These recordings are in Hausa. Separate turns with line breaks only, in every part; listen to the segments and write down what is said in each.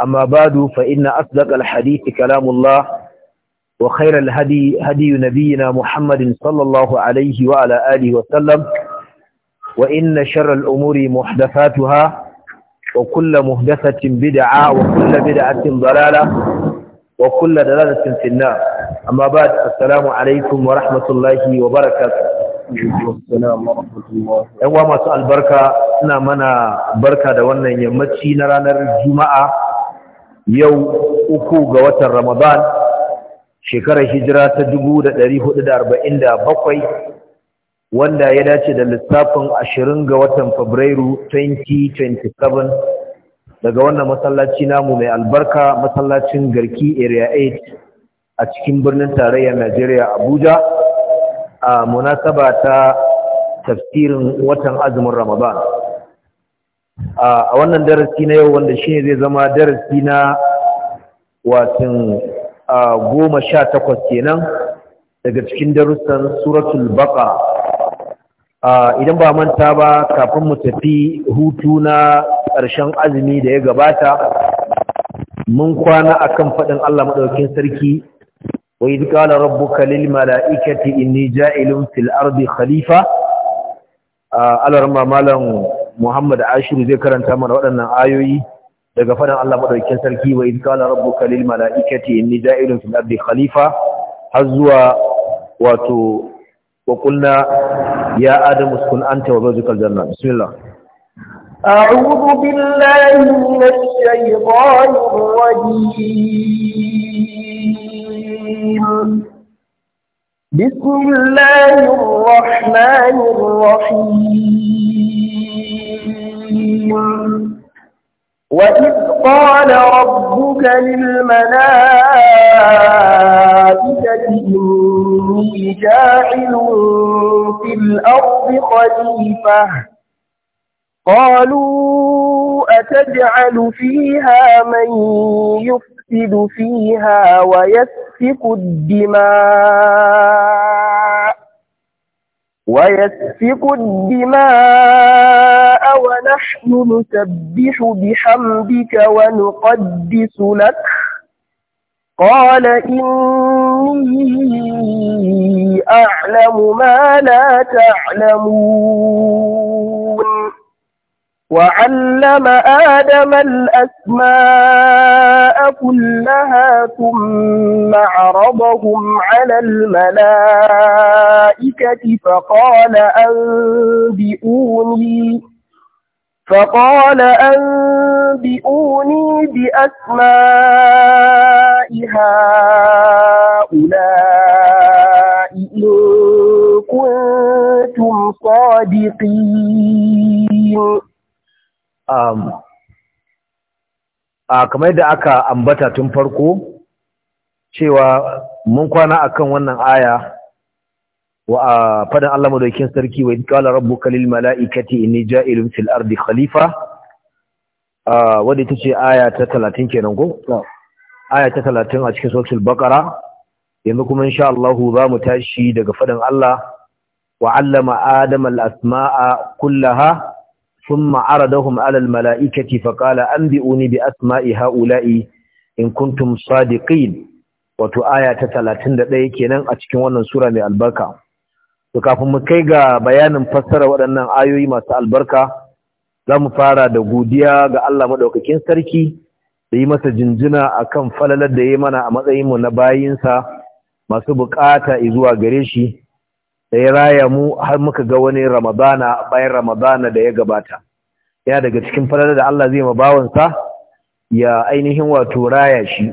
أما بعد فإن أصدق الحديث كلام الله وخير الهدي هدي نبينا محمد صلى الله عليه وعلى آله وسلم وإن شر الأمور محدثاتها وكل محدثة بدعة وكل بدعة ضلالة وكل ضلالة في النار أما بعد السلام عليكم ورحمة الله وبركاته ‘Yan wa masu albarka suna mana barka da wannan yammaci na ranar Juma'a yau uku ga watan Ramadan shekarar hijira ta 1447 wanda ya dace da lissafin 20 ga watan Fabrairu 2027 daga wannan masallaci namu mai albarka masallacin Garki Area 8 a cikin birnin tarayyar Najeriya Abuja a munasaba ta tafsirin watan azumin Ramadan a wannan darasi na yau wanda shine zai zama darasi na watan goma sha takwas kenan daga cikin darussan suratul baƙa, idan ba manta ba kafin mu tafi hutu na ƙarshen azumi da ya gabata mun kwana akan faɗin Allah maɗaukin sarki wai duk ala rabu kalil mala'ikati inni ja'ilun fil ardi khalifa alarma malam Muhammad Ashiru zai karanta mana waɗannan ayoyi daga fadan Allah madaukakin sarki wa id qala rabbuka lil malaikati inni ja'ilun fil ardi khalifa har zuwa wato wa qulna ya adamu uskun anta wa zawjukal janna bismillah
a'udhu billahi minash shaytanir rajim بسم الله الرحمن الرحيم وإذ قال ربك للملائكة إني جاعل في الأرض خليفة قالوا أتجعل فيها من يفسد فيها ويسفك الدماء ويسفك الدماء ونحن نسبح بحمدك ونقدس لك قال إني أعلم ما لا تعلمون وعلم آدم الأسماء كلها ثم عرضهم على الملائكة فقال أنبئوني فقال أنبئوني بأسماء هؤلاء إن كنتم
صادقين um, uh, kamar da aka ambata tun farko cewa mun kwana akan wannan aya wa fadan Allah madaukin sarki wa qala rabbuka lil mala'ikati inni ja'ilun fil ardi khalifa wadda ita ce aya ta 30 kenan ko aya ta 30 a cikin suratul baqara yanzu kuma insha Allah za mu tashi daga fadan Allah wa 'allama adama al asma'a kullaha thumma 'aradahum 'ala al mala'ikati fa qala anbi'uni bi asma'i ha'ula'i in kuntum sadiqin wato aya ta 31 kenan a cikin wannan sura mai albarka to kafin mu kai ga bayanin fassara waɗannan ayoyi masu albarka za mu fara da godiya ga Allah maɗaukakin sarki da yi masa jinjina a kan falalar da ya mana a matsayinmu na bayinsa masu bukata zuwa gare shi da ya raya mu har muka ga wani ramadana bayan ramadana da ya gabata ya daga cikin falalar da Allah zai mabawansa ya ainihin wato raya shi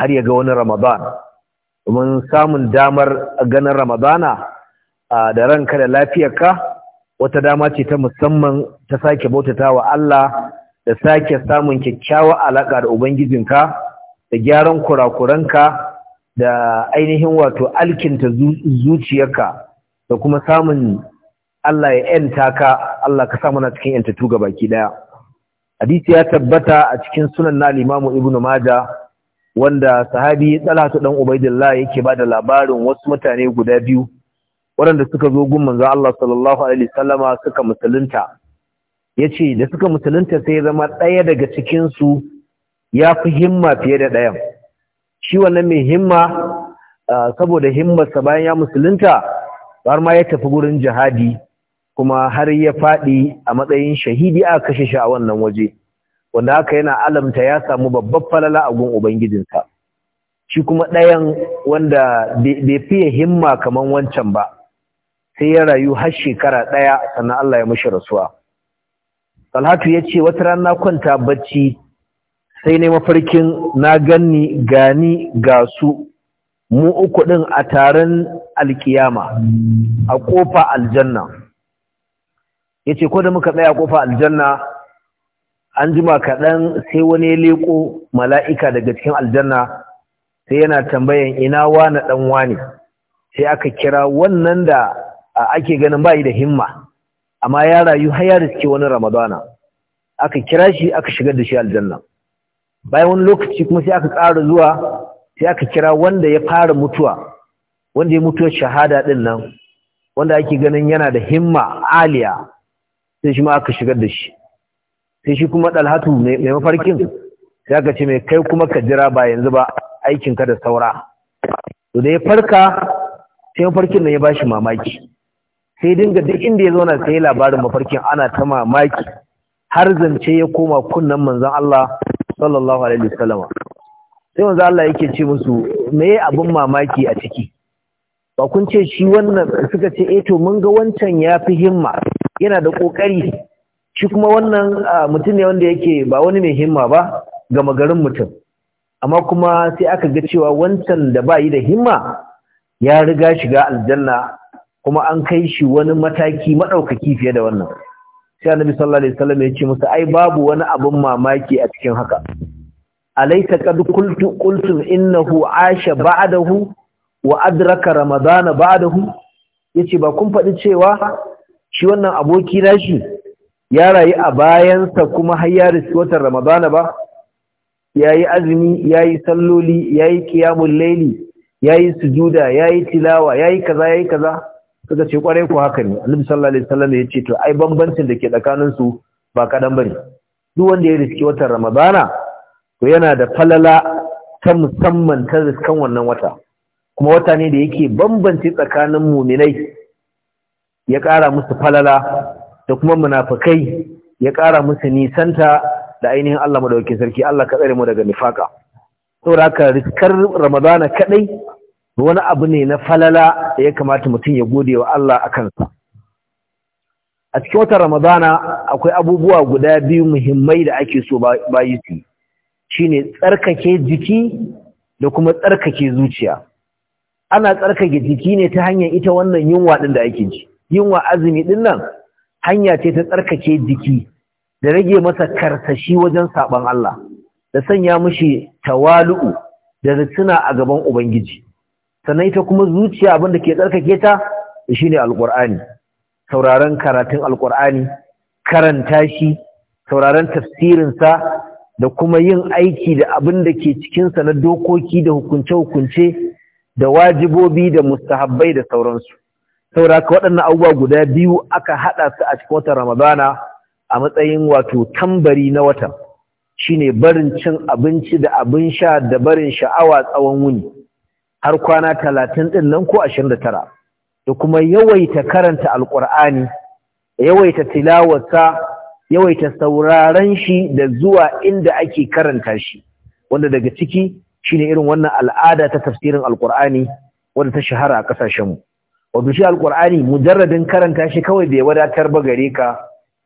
har ya ga wani ramadana domin samun damar ganin ramadana da ranka da lafiyarka wata dama ce ta musamman ta sake bautata wa Allah da sake samun kyakkyawa alaƙa da Ubangijinka da gyaran kurakuranka da ainihin wato alkinta zuciyarka da kuma samun Allah ya ‘yanta ka Allah ka samu na cikin ‘yantattu ga baki ɗaya. Hadisi ya tabbata a cikin sunan na limamu Ibn Maja wanda sahabi Talatu dan Ubaidillah yake bada labarin wasu mutane guda biyu waɗanda suka zo gun manzo Allah sallallahu alaihi wasallama suka musulunta yace da suka musulunta sai zama ɗaya daga cikin su ya fi himma fiye da ɗayan shi wannan mai himma saboda himmar sa bayan ya musulunta har ma ya tafi gurin jihadi kuma har ya faɗi a matsayin shahidi a kashe shi a wannan waje wanda haka yana alamta ya samu babbar falala a gun ubangijinsa shi kuma ɗayan wanda bai fiye himma kamar wancan ba sai ya rayu har shekara ɗaya sannan Allah ya mashi rasuwa Talhatu ya ce wata rana kwanta bacci sai ne mafarkin na ganni gani ga su mu uku ɗin a taron alkiyama a ƙofa aljanna ya ce ko da muka tsaya a ƙofa aljanna an jima kaɗan sai wani ya leƙo mala'ika daga cikin aljanna sai yana tambayan ina wani ɗan wani sai aka kira wannan da ake ganin bayi da himma amma ya rayu har ya riske wani ramadana aka kira shi aka shigar da shi aljanna bayan wani lokaci kuma sai aka ƙara zuwa sai aka kira wanda ya fara mutuwa wanda ya mutuwar shahada ɗin nan wanda ake ganin yana da himma aliya sai shi ma aka shigar da shi sai shi kuma dalhatu mai mafarkin sai aka ce mai kai kuma ka jira ba yanzu ba aikinka da saura to da ya farka sai mafarkin nan ya bashi mamaki sai dinga duk inda ya zauna sai labarin mafarkin ana ta mamaki har zance ya koma kunnan manzon Allah sallallahu alaihi wasallam sai wanzu Allah yake ce musu me abin mamaki a ciki ba kun ce shi wannan suka ce eh to mun ga wancan ya fi himma yana da kokari shi kuma wannan mutum ne wanda yake ba wani mai himma ba gama garin mutum amma kuma sai aka ga cewa wancan da ba yi da himma ya riga shiga aljanna kuma an kai shi wani mataki maɗaukaki fiye da wannan sai annabi sallallahu alaihi wasallam ya ce musu ai babu wani abin mamaki a cikin haka alaysa qad qultu qultu innahu asha ba'dahu wa adraka ramadana ba'dahu yace ba kun faɗi cewa shi wannan aboki na shi ya rayu a bayansa kuma har ya riski watan ramadana ba ya yi azumi ya yi salloli ya yi kiyamun laili ya yi sujuda ya yi tilawa ya yi kaza ya yi kaza suka ce kwarai ku haka ne annabi sallallahu alaihi wasallam ya ce to ai bambancin da ke tsakanin su ba kadan bane duk wanda ya riski watan ramadana to yana da falala ta musamman ta riskan wannan wata kuma wata ne da yake bambanci tsakanin muminai ya ƙara musu falala da kuma munafikai ya ƙara musu nisanta da ainihin Allah madaukakin sarki Allah ka tsare mu daga nifaka saboda haka riskar ramadana kadai wani abu ne na falala da ya kamata mutum ya gode wa Allah a kansa a cikin watan ramadana akwai abubuwa guda biyu muhimmai da ake so bayi su shine tsarkake jiki da kuma tsarkake zuciya ana tsarkake jiki ne ta hanyar ita wannan yunwa din da ake ji yunwa azumi din nan hanya ce ta tsarkake jiki da rage masa karsashi wajen saban Allah da sanya mishi tawalu'u da rutuna a gaban ubangiji sannan ita kuma zuciya abin da ke tsarkake ta shine alqur'ani sauraron karatun alqur'ani karanta shi sauraron tafsirin sa da kuma yin aiki da abin da ke cikin sa na dokoki da hukunce-hukunce da wajibobi da mustahabbai da sauransu saura ka waɗannan abubuwa guda biyu aka haɗa su a cikin watan ramadana a matsayin wato tambari na watan shine barin cin abinci da abin sha da barin sha'awa tsawon wuni har kwana talatin ɗin nan ko ashirin da tara da kuma yawaita karanta alƙur'ani yawaita tilawarsa yawaita sauraron shi da zuwa inda ake karanta shi wanda daga ciki shine irin wannan al'ada ta tafsirin alƙur'ani wanda ta shahara a ƙasashenmu wato shi alkur'ani mujarradin karanta shi kawai bai wadatar ba gare ka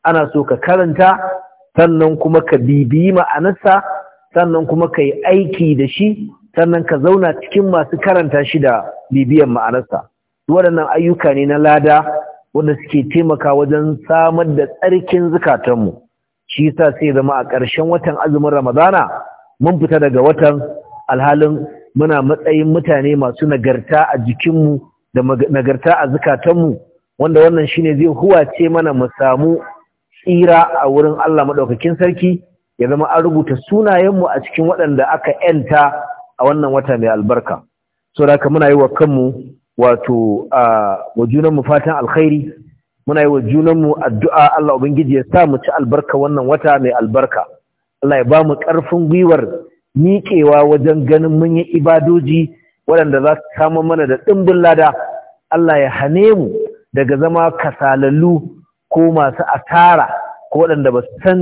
ana so ka karanta sannan kuma ka bibiyi ma'anarsa sannan kuma ka yi aiki da shi sannan ka zauna cikin masu karanta shi da bibiyan ma'anarsa waɗannan ayyuka ne na lada wanda suke taimaka wajen samar da tsarkin zukatanmu shi yasa sai zama a ƙarshen watan azumin ramadana mun fita daga watan alhalin muna matsayin mutane masu nagarta a jikinmu da nagarta a zukatanmu wanda wannan shine zai huwace mana mu samu tsira a wurin Allah madaukakin sarki ya zama an rubuta sunayenmu a cikin waɗanda aka yanta a wannan wata mai albarka so da muna yi wa kanmu wato wa fatan alkhairi muna yi wa junanmu addu'a Allah ubangiji ya sa mu ci albarka wannan wata mai albarka Allah ya ba mu ƙarfin gwiwar miƙewa wajen ganin mun yi ibadoji waɗanda za su samu mana da ɗimbin lada Allah ya hane mu daga zama kasalallu ko masu asara ko waɗanda ba su san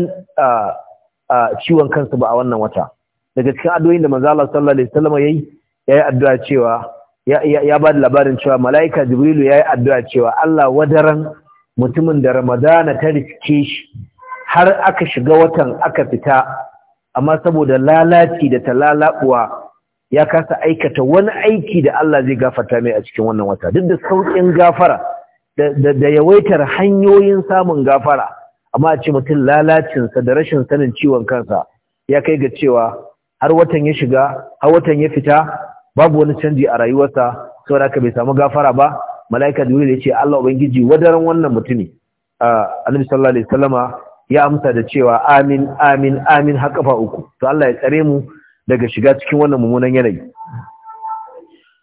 ciwon kansu ba a wannan wata daga cikin addu'o'in da manzo Allah sallallahu alaihi wasallam ya yi addu'a cewa ya ba da labarin cewa mala'ika jibrilu ya yi addu'a cewa Allah wadaran mutumin da ramadana ta riske shi har aka shiga watan aka fita amma saboda lalaci da ta lalabuwa ya kasa aikata wani aiki da Allah zai gafata mai a cikin wannan wata duk da sauƙin gafara da yawaitar hanyoyin samun gafara amma a ce mutum lalacinsa da rashin sanin ciwon kansa ya kai ga cewa har watan ya shiga har watan ya fita babu wani canji a rayuwarsa saboda haka bai samu gafara ba mala'ika da ya ce Allah ubangiji wadaran wannan mutumi annabi sallallahu alaihi wasallama ya amsa da cewa amin amin amin har kafa uku to Allah ya tsare mu daga shiga cikin wannan mummunan yanayi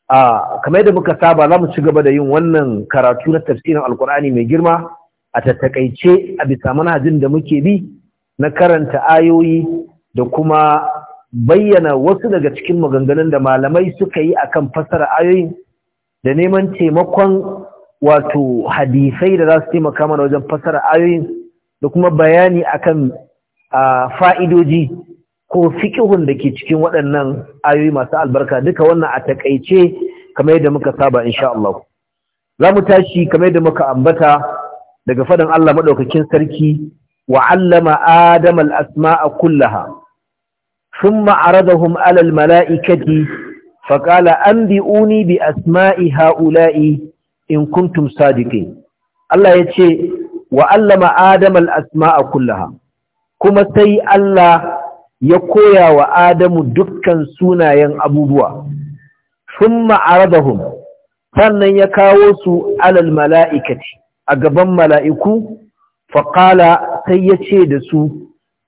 a kamar yadda muka saba za mu ci gaba da yin wannan karatu na tafsirin alkur'ani mai girma a tattakaice a bisa manhajin da muke bi na karanta ayoyi da kuma bayyana wasu daga cikin maganganun da malamai suka yi akan fassara ayoyi da neman taimakon wato hadisai da za su taimaka mana wajen fassara ayoyin da kuma bayani akan fa'idoji ko fiƙihun da ke cikin waɗannan ayoyi masu albarka duka wannan a taƙaice kamar yadda muka saba insha Allah za mu tashi kamar yadda muka ambata daga faɗin Allah maɗaukakin sarki wa allama adam al-asma'a kullaha thumma aradahum ala al-mala'ikati An bi anbi'uni bi asma'i ha'ula'i in kuntum sadiqin Allah ya ce wa allama adam asmaa kullaha kuma sai Allah ya koya wa Adamu dukkan sunayen abubuwa, sun hun, sannan ya kawo su alal mala'ikati a gaban mala'iku, faƙala sai ya ce da su,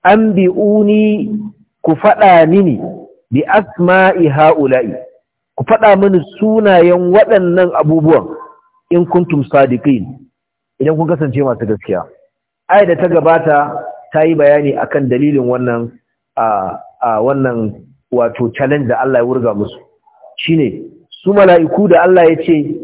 An bi bi'uni ku faɗa mini bi asma'i ha'ula'i, ku faɗa mini sunayen waɗannan abubuwan in kuntum sadiqin idan kun kasance masu gaskiya. Ai da ta gabata ta yi bayani akan dalilin wannan a wannan wato challenge da Allah ya wurga musu shine su mala'iku da Allah ya ce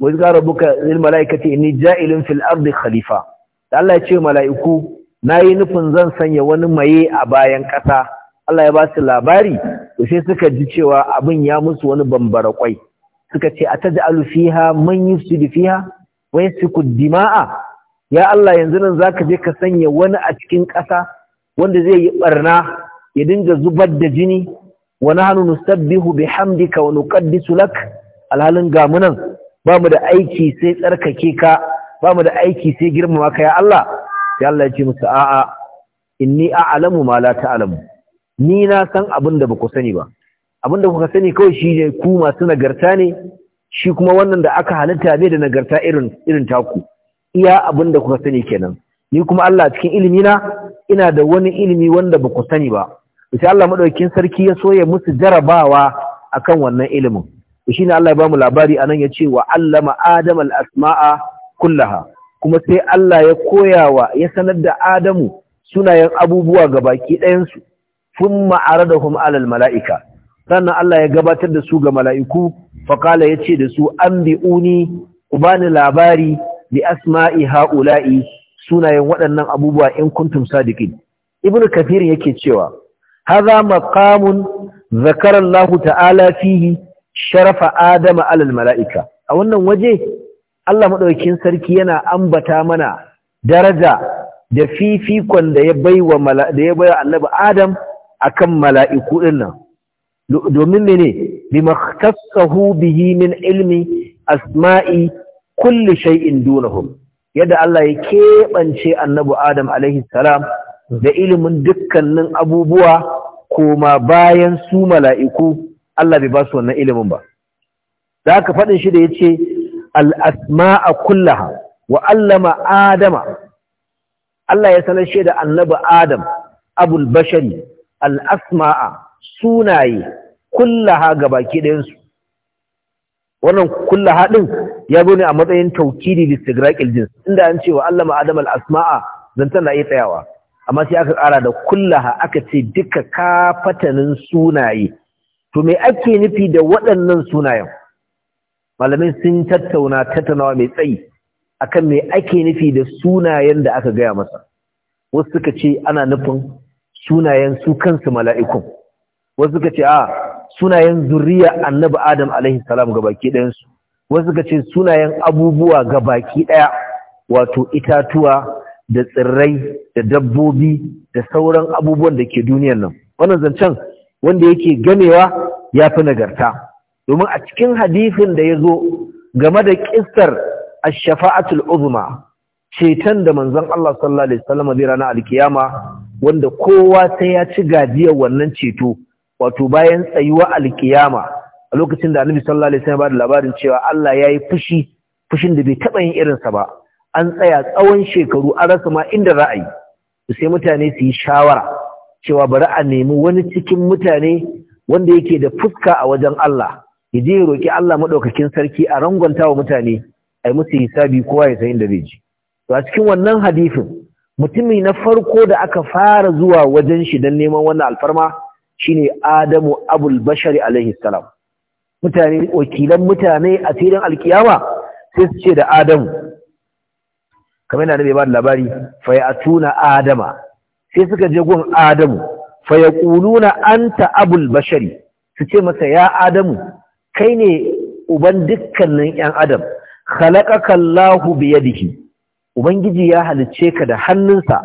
wa izgara buka lil mala'ikati inni ja'ilun fil ardi khalifa da Allah ya ce mala'iku nayi nufin zan sanya wani maye a bayan ƙasa Allah ya ba su labari to sai suka ji cewa abin ya musu wani bambara kwai suka ce ataj'alu fiha man yufsidu fiha wa yasfiku dima'a ya Allah yanzu nan zaka je ka sanya wani a cikin ƙasa wanda zai yi barna ya dinga zubar da jini wa nahnu nusabbihu bihamdika wa nuqaddisu lak alhalin gamunan bamu da aiki sai tsarkake ka bamu da aiki sai girmama ka ya Allah sai Allah ya ce musu a'a inni a'lamu ma la ta'lamu ni na san abin da baku sani ba abin da kuka sani kawai shi ne ku masu nagarta ne shi kuma wannan da aka halitta bai da nagarta irin irin taku iya abin da kuka sani kenan ni kuma Allah cikin ilimi na ina da wani ilimi wanda baku sani ba sai Allah madaukakin sarki ya soya musu jarabawa akan wannan ilimin shi ne Allah ya bamu labari anan ya ce wa allama adam asmaa kullaha kuma sai Allah ya koyawa ya sanar da Adamu sunayen abubuwa ga baki ɗayansu sun ma'aradahum alal mala'ika sannan Allah ya gabatar da su ga mala'iku faƙala ya ce da su an ubani labari bi asma'i ha'ula'i sunayen waɗannan abubuwa in kuntum sadiqin ibnu kafirin yake cewa hadha maqamun zakara Allah ta'ala fihi sharafa adama alal mala'ika a wannan waje Allah madaukakin sarki yana ambata mana daraja da fifikon da ya baiwa da ya baiwa annabi Adam akan mala'iku dinnan domin mene bima khassahu bihi min ilmi asma'i kullishai shay'in dunahum yadda Allah ya keɓance annabi Adam alaihi salam da ilimin dukkanin abubuwa koma bayan su mala'iku Allah bai ba su wannan ilimin ba da aka faɗin shi da ya ce a kullaha wa allama adama Allah ya sanar shi da annaba adam abul bashari al'asma'a sunaye kullaha ga baki ɗayansu wannan kullaha ɗin ya zo ne a matsayin da listigraƙil jins inda an ce wa allama adam al'asma'a zantar na iya tsayawa amma sai aka ƙara da kullaha aka ce duka kafatanin sunaye to me ake nufi da waɗannan sunayen malamai sun tattauna tattaunawa mai tsayi akan me ake nufi da sunayen da aka gaya masa wasu suka ce ana nufin sunayen su kansu mala'ikun wasu suka ce a sunayen zuriya annabi adam alaihi salam ga baki ɗayansu wasu suka ce sunayen abubuwa ga baki ɗaya wato itatuwa da tsirrai da dabbobi da sauran abubuwan da ke duniyar nan wannan zancen wanda yake ganewa ya fi nagarta domin a cikin hadifin da ya zo game da ƙistar ashafa'atul uzma ceton da manzon Allah sallallahu alaihi wasallam zai rana alkiyama wanda kowa sai ya ci gajiyar wannan ceto wato bayan tsayuwa alkiyama a lokacin da annabi sallallahu alaihi wasallam ya ba labarin cewa Allah ya yi fushi fushin da bai taɓa yin irinsa ba an tsaya tsawon shekaru an rasa ma inda ra'ayi sai mutane su yi shawara cewa bari a nemi wani cikin mutane wanda yake da fuska a wajen Allah ya je ya roki Allah madaukakin sarki a rangwanta wa mutane a yi musu hisabi kowa ya san inda zai je to a cikin wannan hadisin mutumi na farko da aka fara zuwa wajen shi don neman wannan alfarma shine Adamu Abul Bashari alaihi salam mutane wakilan mutane a filin alkiyama sai su ce da Adamu kamar yana nabi ba da labari fa ya tuna adama sai suka je gun adamu fa ya quluna anta abul bashari su ce masa ya adamu kai ne uban dukkanin yan adam khalaqaka Allahu bi yadihi ubangiji ya halicce ka da hannunsa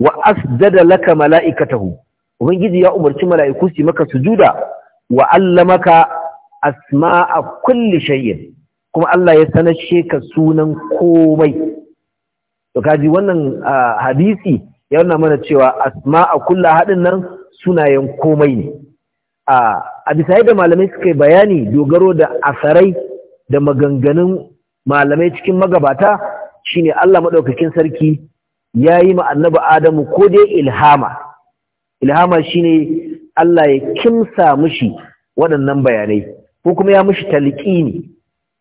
wa asdada laka mala'ikatahu ubangiji ya umarci mala'iku su maka sujuda wa allamaka asma'a kulli shay'in kuma Allah ya sanar ka sunan komai to kaji wannan hadisi ya nuna mana cewa asma a kulla haɗin nan sunayen komai ne a bisa yadda malamai suka yi bayani dogaro da asarai da maganganun malamai cikin magabata shine Allah maɗaukakin sarki yayi ma annabi Adamu ko dai ilhama ilhama shine Allah ya kimsa mushi waɗannan bayanai ko kuma ya mushi Talƙini.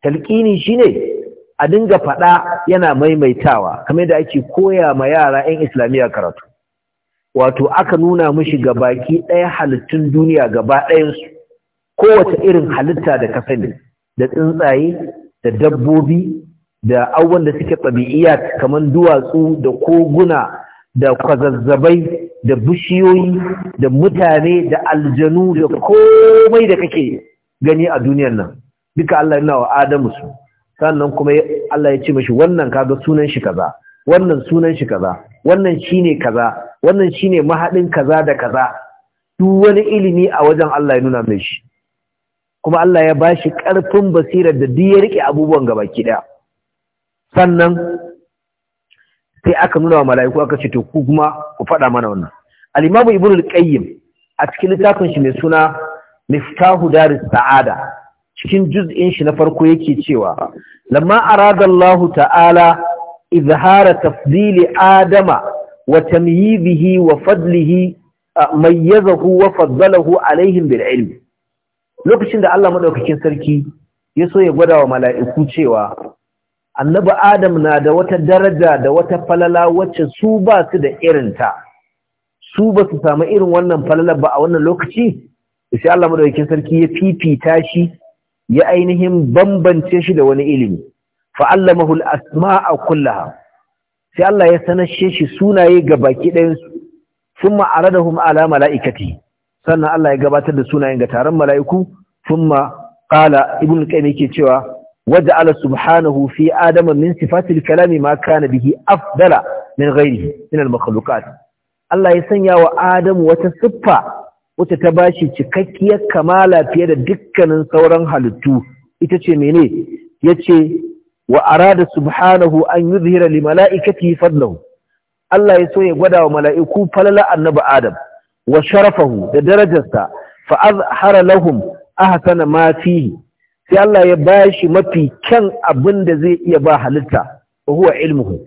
talƙini shine a dinga faɗa yana maimaitawa kamar da ake koya ma yara 'yan islamiyya karatu wato aka nuna mishi ga baki ɗaya halittun duniya gaba ɗayansu kowace irin halitta da ka sani da tsuntsaye da dabbobi da abubuwan da suke ɗabi'iyya kamar duwatsu da koguna da kwazazzabai da bishiyoyi da mutane da aljanu da komai da kake gani a duniyar nan duka Allah yana wa Adamu su sannan kuma Allah ya ce mashi wannan kaga sunan shi kaza wannan sunan shi kaza wannan shine kaza wannan shine mahadin kaza da kaza duk wani ilimi a wajen Allah ya nuna mai shi kuma Allah ya bashi karfin basira da duk ya rike abubuwan gaba ki daya sannan sai aka nuna wa mala'iku aka ce to ku kuma ku faɗa mana wannan al-imamu ibnu al-qayyim a cikin littafin shi mai suna miftahu daris sa'ada cikin juz'in shi na farko yake cewa lamma arada Allah ta'ala izhara tafdili adama wa tamyizihi wa fadlihi mayyazahu wa faddalahu alaihim bil ilm lokacin da Allah madaukakin sarki ya so ya gwada wa mala'iku cewa annabi Adam na da wata daraja da wata falala wacce su ba su da ta, su ba su samu irin wannan falala ba a wannan lokaci sai Allah madaukakin sarki ya fifita shi ya ainihin bambance shi da wani ilimi fa'allamahu a kullaha sai Allah ya sanashe shi sunaye ga baki ɗayansu sun ma'aradahum ala mala'ikati sannan Allah ya gabatar da sunayen ga taron mala'iku sun ma'ala ibn ƙaimi ke cewa wadda ala subhanahu fi adama min sifatil kalami ma kana bihi afdala min ghairihi min al-makhluqat Allah ya sanya wa Adamu wata siffa wacce ta bashi cikakkiyar kamala fiye da dukkanin sauran halittu ita ce mene yace wa arada subhanahu an yuzhira li mala'ikatihi fadlahu Allah ya so ya gwada wa mala'iku falala annabi Adam wa sharafahu da darajarsa fa azhara lahum ahsana ma fihi sai Allah ya bashi mafi kyan abin da zai iya ba halitta huwa ilmuhu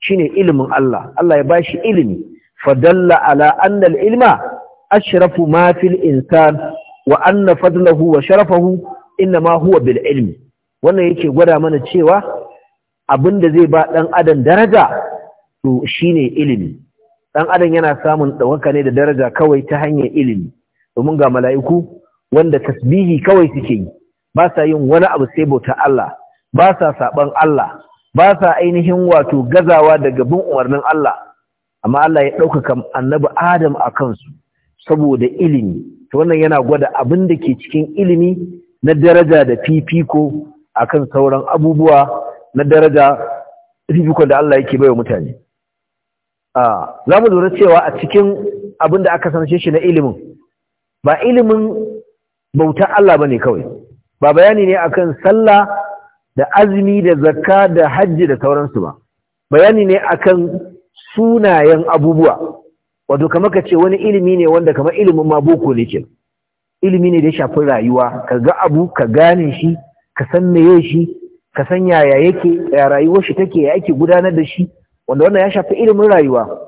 shine ilimin Allah Allah ya bashi ilimi fadalla ala anna ilma ashrafu ma fil insan wa anna fadlahu wa sharafahu inna huwa bil ilmi wannan yake gwada mana cewa abinda zai ba dan adam daraja to shine ilimi dan adam yana samun dawaka ne da daraja kawai ta hanyar ilimi domin ga mala'iku wanda tasbihi kawai suke yi ba sa yin wani abu sai bauta Allah ba sa saban Allah ba sa ainihin wato gazawa daga bin umarnin Allah amma Allah ya ɗaukaka annabi Adam a kansu saboda ilimi to wannan yana gwada abin da ke cikin ilimi na daraja da fifiko akan sauran abubuwa na daraja fifikon da Allah yake wa mutane a za mu lura cewa a cikin abin da aka sanace shi na ilimin ba ilimin bauta Allah bane kawai ba bayani ne akan sallah da azumi da zakka da hajji da sauransu ba bayani ne akan sunayen abubuwa wato kamar ka ce wani ilimi ne wanda kamar ilimin ma boko ne ke ilimi ne da ya shafi rayuwa ka ga abu ka gane shi ka san meye shi ka san yaya yake ya rayuwar shi take ya ake gudanar da shi wanda wannan ya shafi ilimin rayuwa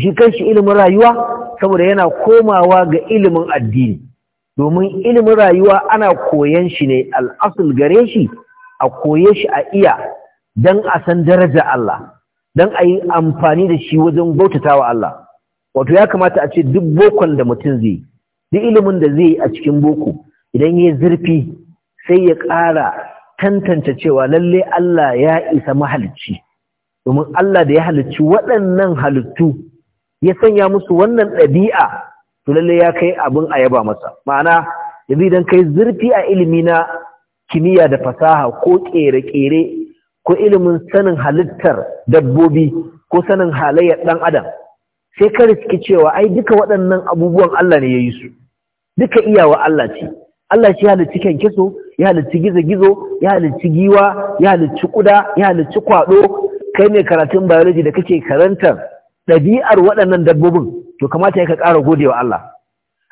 shi kanshi ilimin rayuwa saboda yana komawa ga ilimin addini domin ilimin rayuwa ana koyan shi ne al'asul gare shi a koye shi a iya don a san daraja Allah don a yi amfani da shi wajen bautata wa Allah wato ya kamata a ce duk bokon da mutum zai duk ilimin da zai yi a cikin boko idan ya zurfi sai ya ƙara tantance cewa lalle Allah ya isa mahalicci domin Allah da ya halicci waɗannan halittu ya sanya musu wannan ɗabi'a to lalle ya kai abin a yaba masa ma'ana yanzu idan kai zurfi a ilimi na kimiyya da fasaha ko ƙere-ƙere ko ilimin sanin halittar dabbobi ko sanin halayyar ɗan adam sai ka riski cewa ai duka waɗannan abubuwan Allah ne ya yi su duka iyawa Allah ce Allah shi halicci kyankyaso ya halicci gizo-gizo ya halicci giwa ya halicci kuda ya halicci kwado kai ne karatun biology da kake karantar ɗabi'ar waɗannan dabbobin to kamata ya ka ƙara gode wa Allah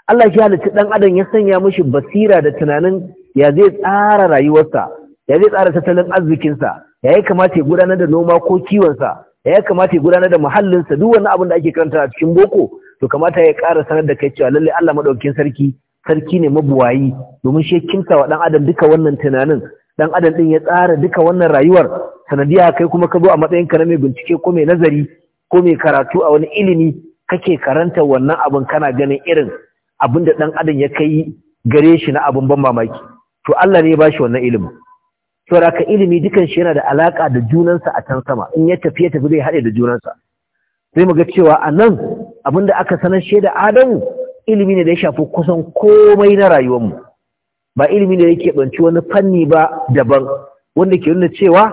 Allah shi halicci ɗan adam ya sanya mishi basira da tunanin ya zai tsara rayuwarsa ya zai tsara tattalin arzikinsa ya kamata ya gudanar da noma ko kiwonsa ya kamata ya gudanar da muhallinsa duk wani abin da ake karanta a cikin boko to kamata ya ƙara sanar da kai cewa lalle Allah madaukakin sarki sarki ne mabuwayi domin shi kinta wa dan adam duka wannan tunanin dan adam din ya tsara duka wannan rayuwar sanadiya kai kuma ka zo a matsayin ka na mai bincike ko mai nazari ko mai karatu a wani ilimi kake karanta wannan abin kana ganin irin abin da dan adam ya kai gare shi na abin ban mamaki to Allah ne ya bashi wannan ilimin to ka ilimi dukan shi yana da alaƙa da junansa a can sama in ya tafi tafi zai haɗe da junansa sai mu ga cewa a nan abin da aka sanar shi da adamu ilimi ne da ya shafi kusan komai na rayuwarmu ba ilimi ne da yake banci wani fanni ba daban wanda ke nuna cewa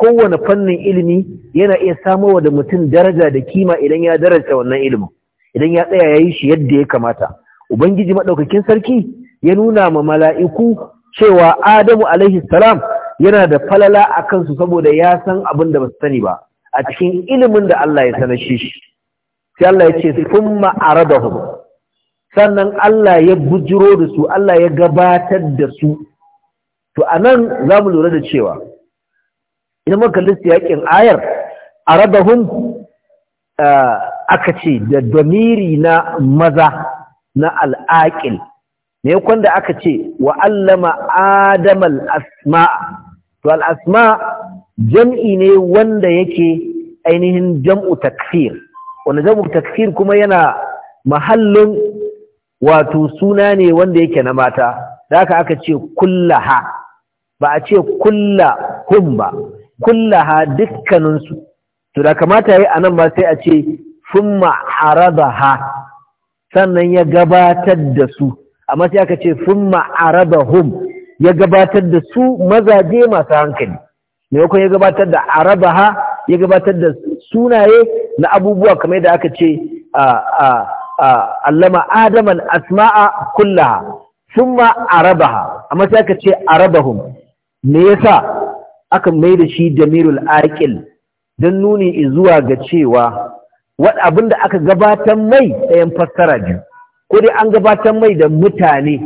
kowane fannin ilimi yana iya samowa da mutum daraja da kima idan ya daraja wannan ilimin idan ya tsaya ya yi shi yadda ya kamata ubangiji maɗaukakin sarki ya nuna ma mala'iku cewa adamu alaihi salam yana da falala a kansu saboda ya san abin da ba su sani ba a cikin ilimin da Allah ya sanar shi sai Allah ya ce da hudu sannan Allah ya bujiro da su Allah ya gabatar da su to a nan za mu lura da cewa idan yaƙin lissi yaƙin ayar aradahum aka ce da damiri na maza na al'aqil ne kwanda aka ce wa allama adamal asma'a to al'asma jam'i ne wanda yake ainihin jam'u takfir wanda jam'u takfir kuma yana mahallin wato suna ne wanda yake na mata da aka aka ce kulla ha. ba a ce kulla hum ba ha dukkaninsu to da kamata ya yi anan ba sai a ce summa ha? sannan ya gabatar da su amma sai aka ce araba hun. ya gabatar da su mazaje masu hankali maimakon ya gabatar da arabaha ya gabatar da sunaye na abubuwa kamar da aka ce a allama adaman asma'a kullaha sun ma arabaha amma sai aka ce arabahum me yasa aka mai da shi damirul aqil don nuni zuwa ga cewa abin da aka gabatar mai ɗayan fassara biyu ko dai an gabatar mai da mutane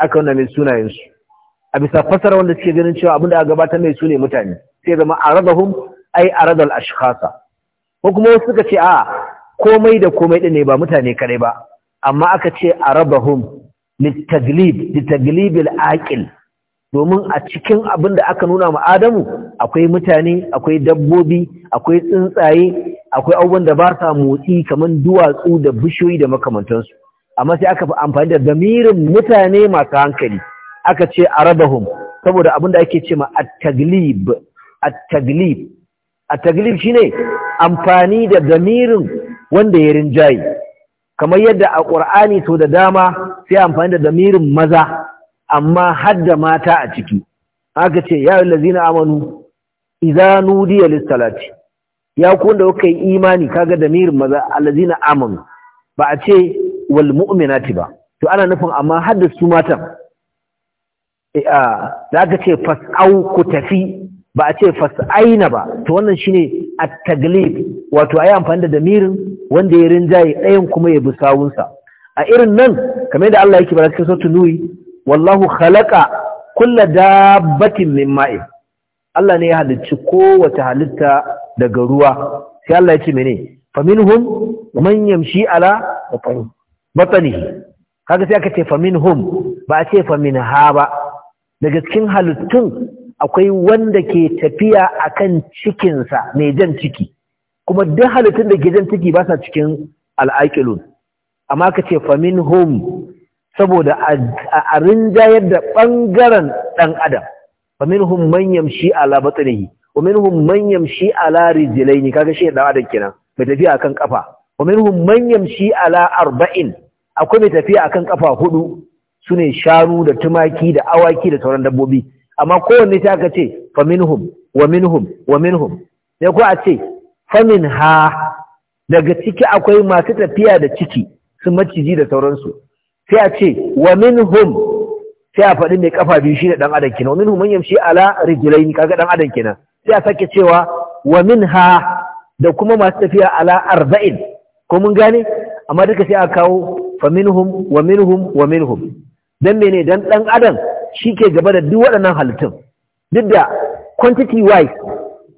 aka nuna mai sunayensu a bisa fasara wanda suke ganin cewa abinda aka gabata mai su ne mutane sai zama aradahum ai a aradal ashkhasa ko kuma wasu suka ce a komai da komai ɗin ne ba mutane kadai ba amma aka ce a arabahum litaglib litaglibil aƙil. domin a cikin abin da aka nuna ma Adamu akwai mutane akwai dabbobi akwai tsuntsaye akwai abubuwan da ba sa motsi kamar duwatsu da bishiyoyi da makamantansu amma sai aka fi amfani da damirin mutane masu hankali aka ce a rabahun saboda abin da ake ce ma a taglib A taglib A taglib shine amfani da damirin wanda ya rinjaye kamar yadda a ƙur'ani to da dama sai amfani da damirin maza amma hadda mata a ciki aka ce ya allazina amanu idza nudiya lis ya ku da kuka yi imani kaga damirin maza a allazina amanu ba a ce wal mu'minati ba to ana nufin amma hadda su matan za ka ce fas'au ku tafi ba a ce fas'aina ba to wannan shine a taglib wato yi amfani da damirin wanda ya rinjaye ɗayan kuma ya bi sawunsa a irin nan kamar da Allah yake baraka sautu nuyi wallahu khalaqa kulla dabbatin min ma'in Allah ne ya halicci kowace halitta daga ruwa sai Allah ya ce mene faminhum man yamshi ala batani kaga sai aka ce faminhum ba a ce ha ba daga cikin halittun akwai wanda ke tafiya a kan cikinsa mai jan ciki kuma duk halittun da ke jan ciki ba sa cikin al'aƙilun amma ka ce famin home saboda a rinjayar da ɓangaren ɗan adam famin home manyan shi ala batsanihi famin home manyan shi Jilai ne, kaga shi ɗan adam kenan mai tafiya a kan ƙafa famin home manyan shi la arba'in akwai mai tafiya a kan ƙafa hudu su ne sharu da tumaki da awaki da sauran dabbobi amma kowanne ta aka ce faminhum wa minhum wa minhum sai ko a ce famin ha daga ciki akwai masu tafiya da ciki su maciji da sauransu sai a ce wa minhum sai a faɗi mai kafa biyu shi da ɗan adam kenan wa minhum man yamshi ala rijlaini kaga ɗan adam kenan sai a sake cewa wa minha da kuma masu tafiya ala arba'in ko mun gane amma duka sai a kawo faminhum wa minhum wa minhum dan mene dan ɗan adam shi ke gaba da duk waɗannan halittun duk da quantity wise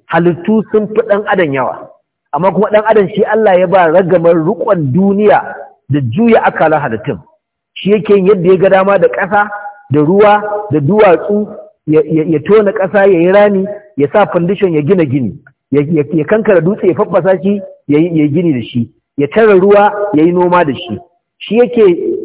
halittu sun fi ɗan adam yawa amma kuma ɗan adam shi Allah ya ba ragamar rukon duniya da juya akalan halittun shi yake yadda ya ga dama da ƙasa da ruwa da duwatsu ya tona ƙasa ya yi rami ya sa foundation ya gina gini ya kankara dutse ya faffasa shi ya yi gini da shi ya tara ruwa ya yi noma da shi shi yake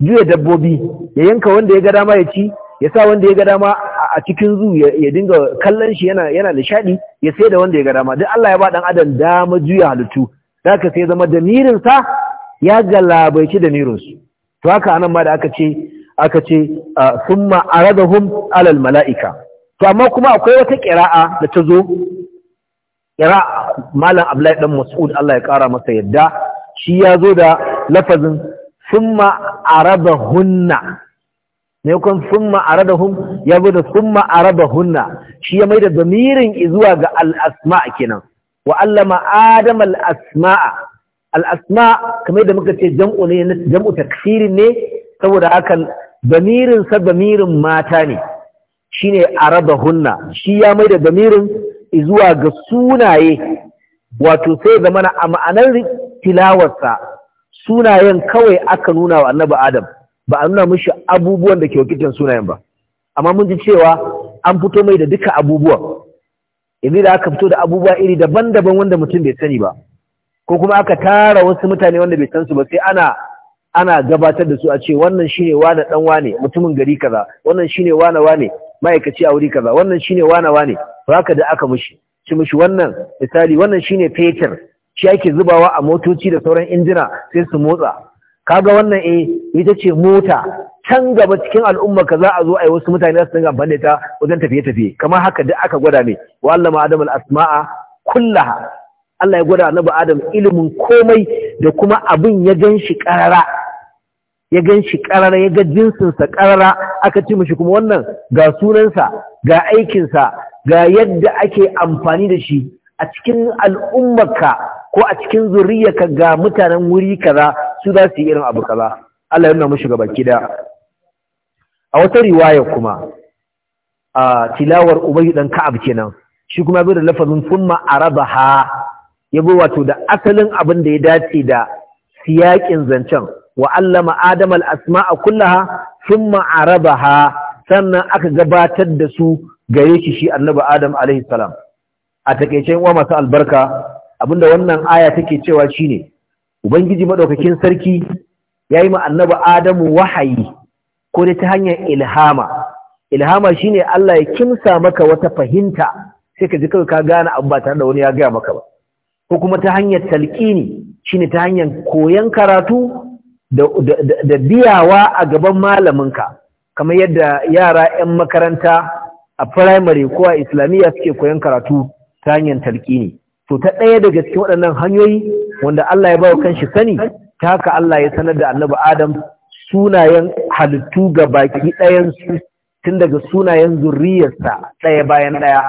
juya dabbobi ya yanka wanda ya ga dama ya ci ya sa wanda ya ga dama a cikin zu ya dinga kallon shi yana yana nishadi ya sai da wanda ya ga dama duk Allah ya ba dan adam dama juya halittu ka sai zama damirin sa ya galabaici da su to haka anan ma da aka ce aka ce summa aradahum alal malaika to amma kuma akwai wata qira'a da ta zo kira malam Abdullahi dan Mas'ud Allah ya kara masa yadda shi ya zo da lafazin summa arabahunna ne kun summa aradahum ya bi da summa araba hunna. shi ya maida damirin zuwa ga al-asma kenan wa allama adam al asma al-asma kamar da muka ce jam'u ne jam'u takfirin ne saboda haka damirin sa damirin mata ne shine hunna. shi ya maida damirin zuwa ga sunaye wato sai ga mana a ma'anar tilawarsa sunayen kawai aka nuna wa annabi adam ba a nuna mishi abubuwan da ke wakilcin sunayen ba amma mun ji cewa an fito mai da duka abubuwan yanzu da aka fito da abubuwa iri daban-daban wanda mutum bai sani ba ko kuma aka tara wasu mutane wanda bai san su ba sai ana ana gabatar da su a ce wannan shine wane dan wane mutumin gari kaza wannan shine wane wane ma'aikaci a wuri kaza wannan shine wane wane ba haka da aka mushi ci mushi wannan misali wannan shine Peter shi ake zubawa a motoci da sauran injina sai su motsa kaga wannan e ita ce mota can gaba cikin al'umma ka za a zo a yi wasu mutane su dinga amfani da ta wajen tafiye-tafiye kamar haka duk aka gwada ne wa Allah Adam al-asma'a kullaha Allah ya gwada na Adam ilimin komai da kuma abin ya gan shi karara ya gan shi karara ya ga jinsin sa karara aka ci mishi kuma wannan ga sunansa ga aikinsa, ga yadda ake amfani da shi a cikin al'ummarka ko a cikin zuriyarka ga mutanen wuri kaza su za su yi irin abu kaza Allah ya nuna mushi gaba kida a wata riwaya kuma a tilawar ubayi dan ka'ab kenan shi kuma bai da lafazin thumma arabaha yabo wato da asalin abin da ya dace da siyakin zancen wa allama adam al-asma'a kullaha thumma arabaha sannan aka gabatar da su gare shi shi annabi adam alaihi salam a takeice wa masu albarka abinda wannan aya take cewa shine ubangiji madaukakin sarki yayi ma annabi adamu wahayi ko dai ta hanyar ilhama ilhama shine Allah ya kimsa maka wata fahimta sai ka ji kawai ka gane abu ba tare da wani ya gaya maka ba ko kuma ta hanyar talqini shine ta hanyar koyan karatu da biyawa a gaban malaminka kamar yadda yara 'yan makaranta a firamare ko a islamiyya suke koyan karatu ta hanyar ne. to ta ɗaya daga cikin waɗannan hanyoyi wanda Allah ya ba kanshi sani ta haka Allah ya sanar da annabi Adam sunayen halittu ga baki ɗayan su tun daga sunayen zurriyarsa ɗaya bayan ɗaya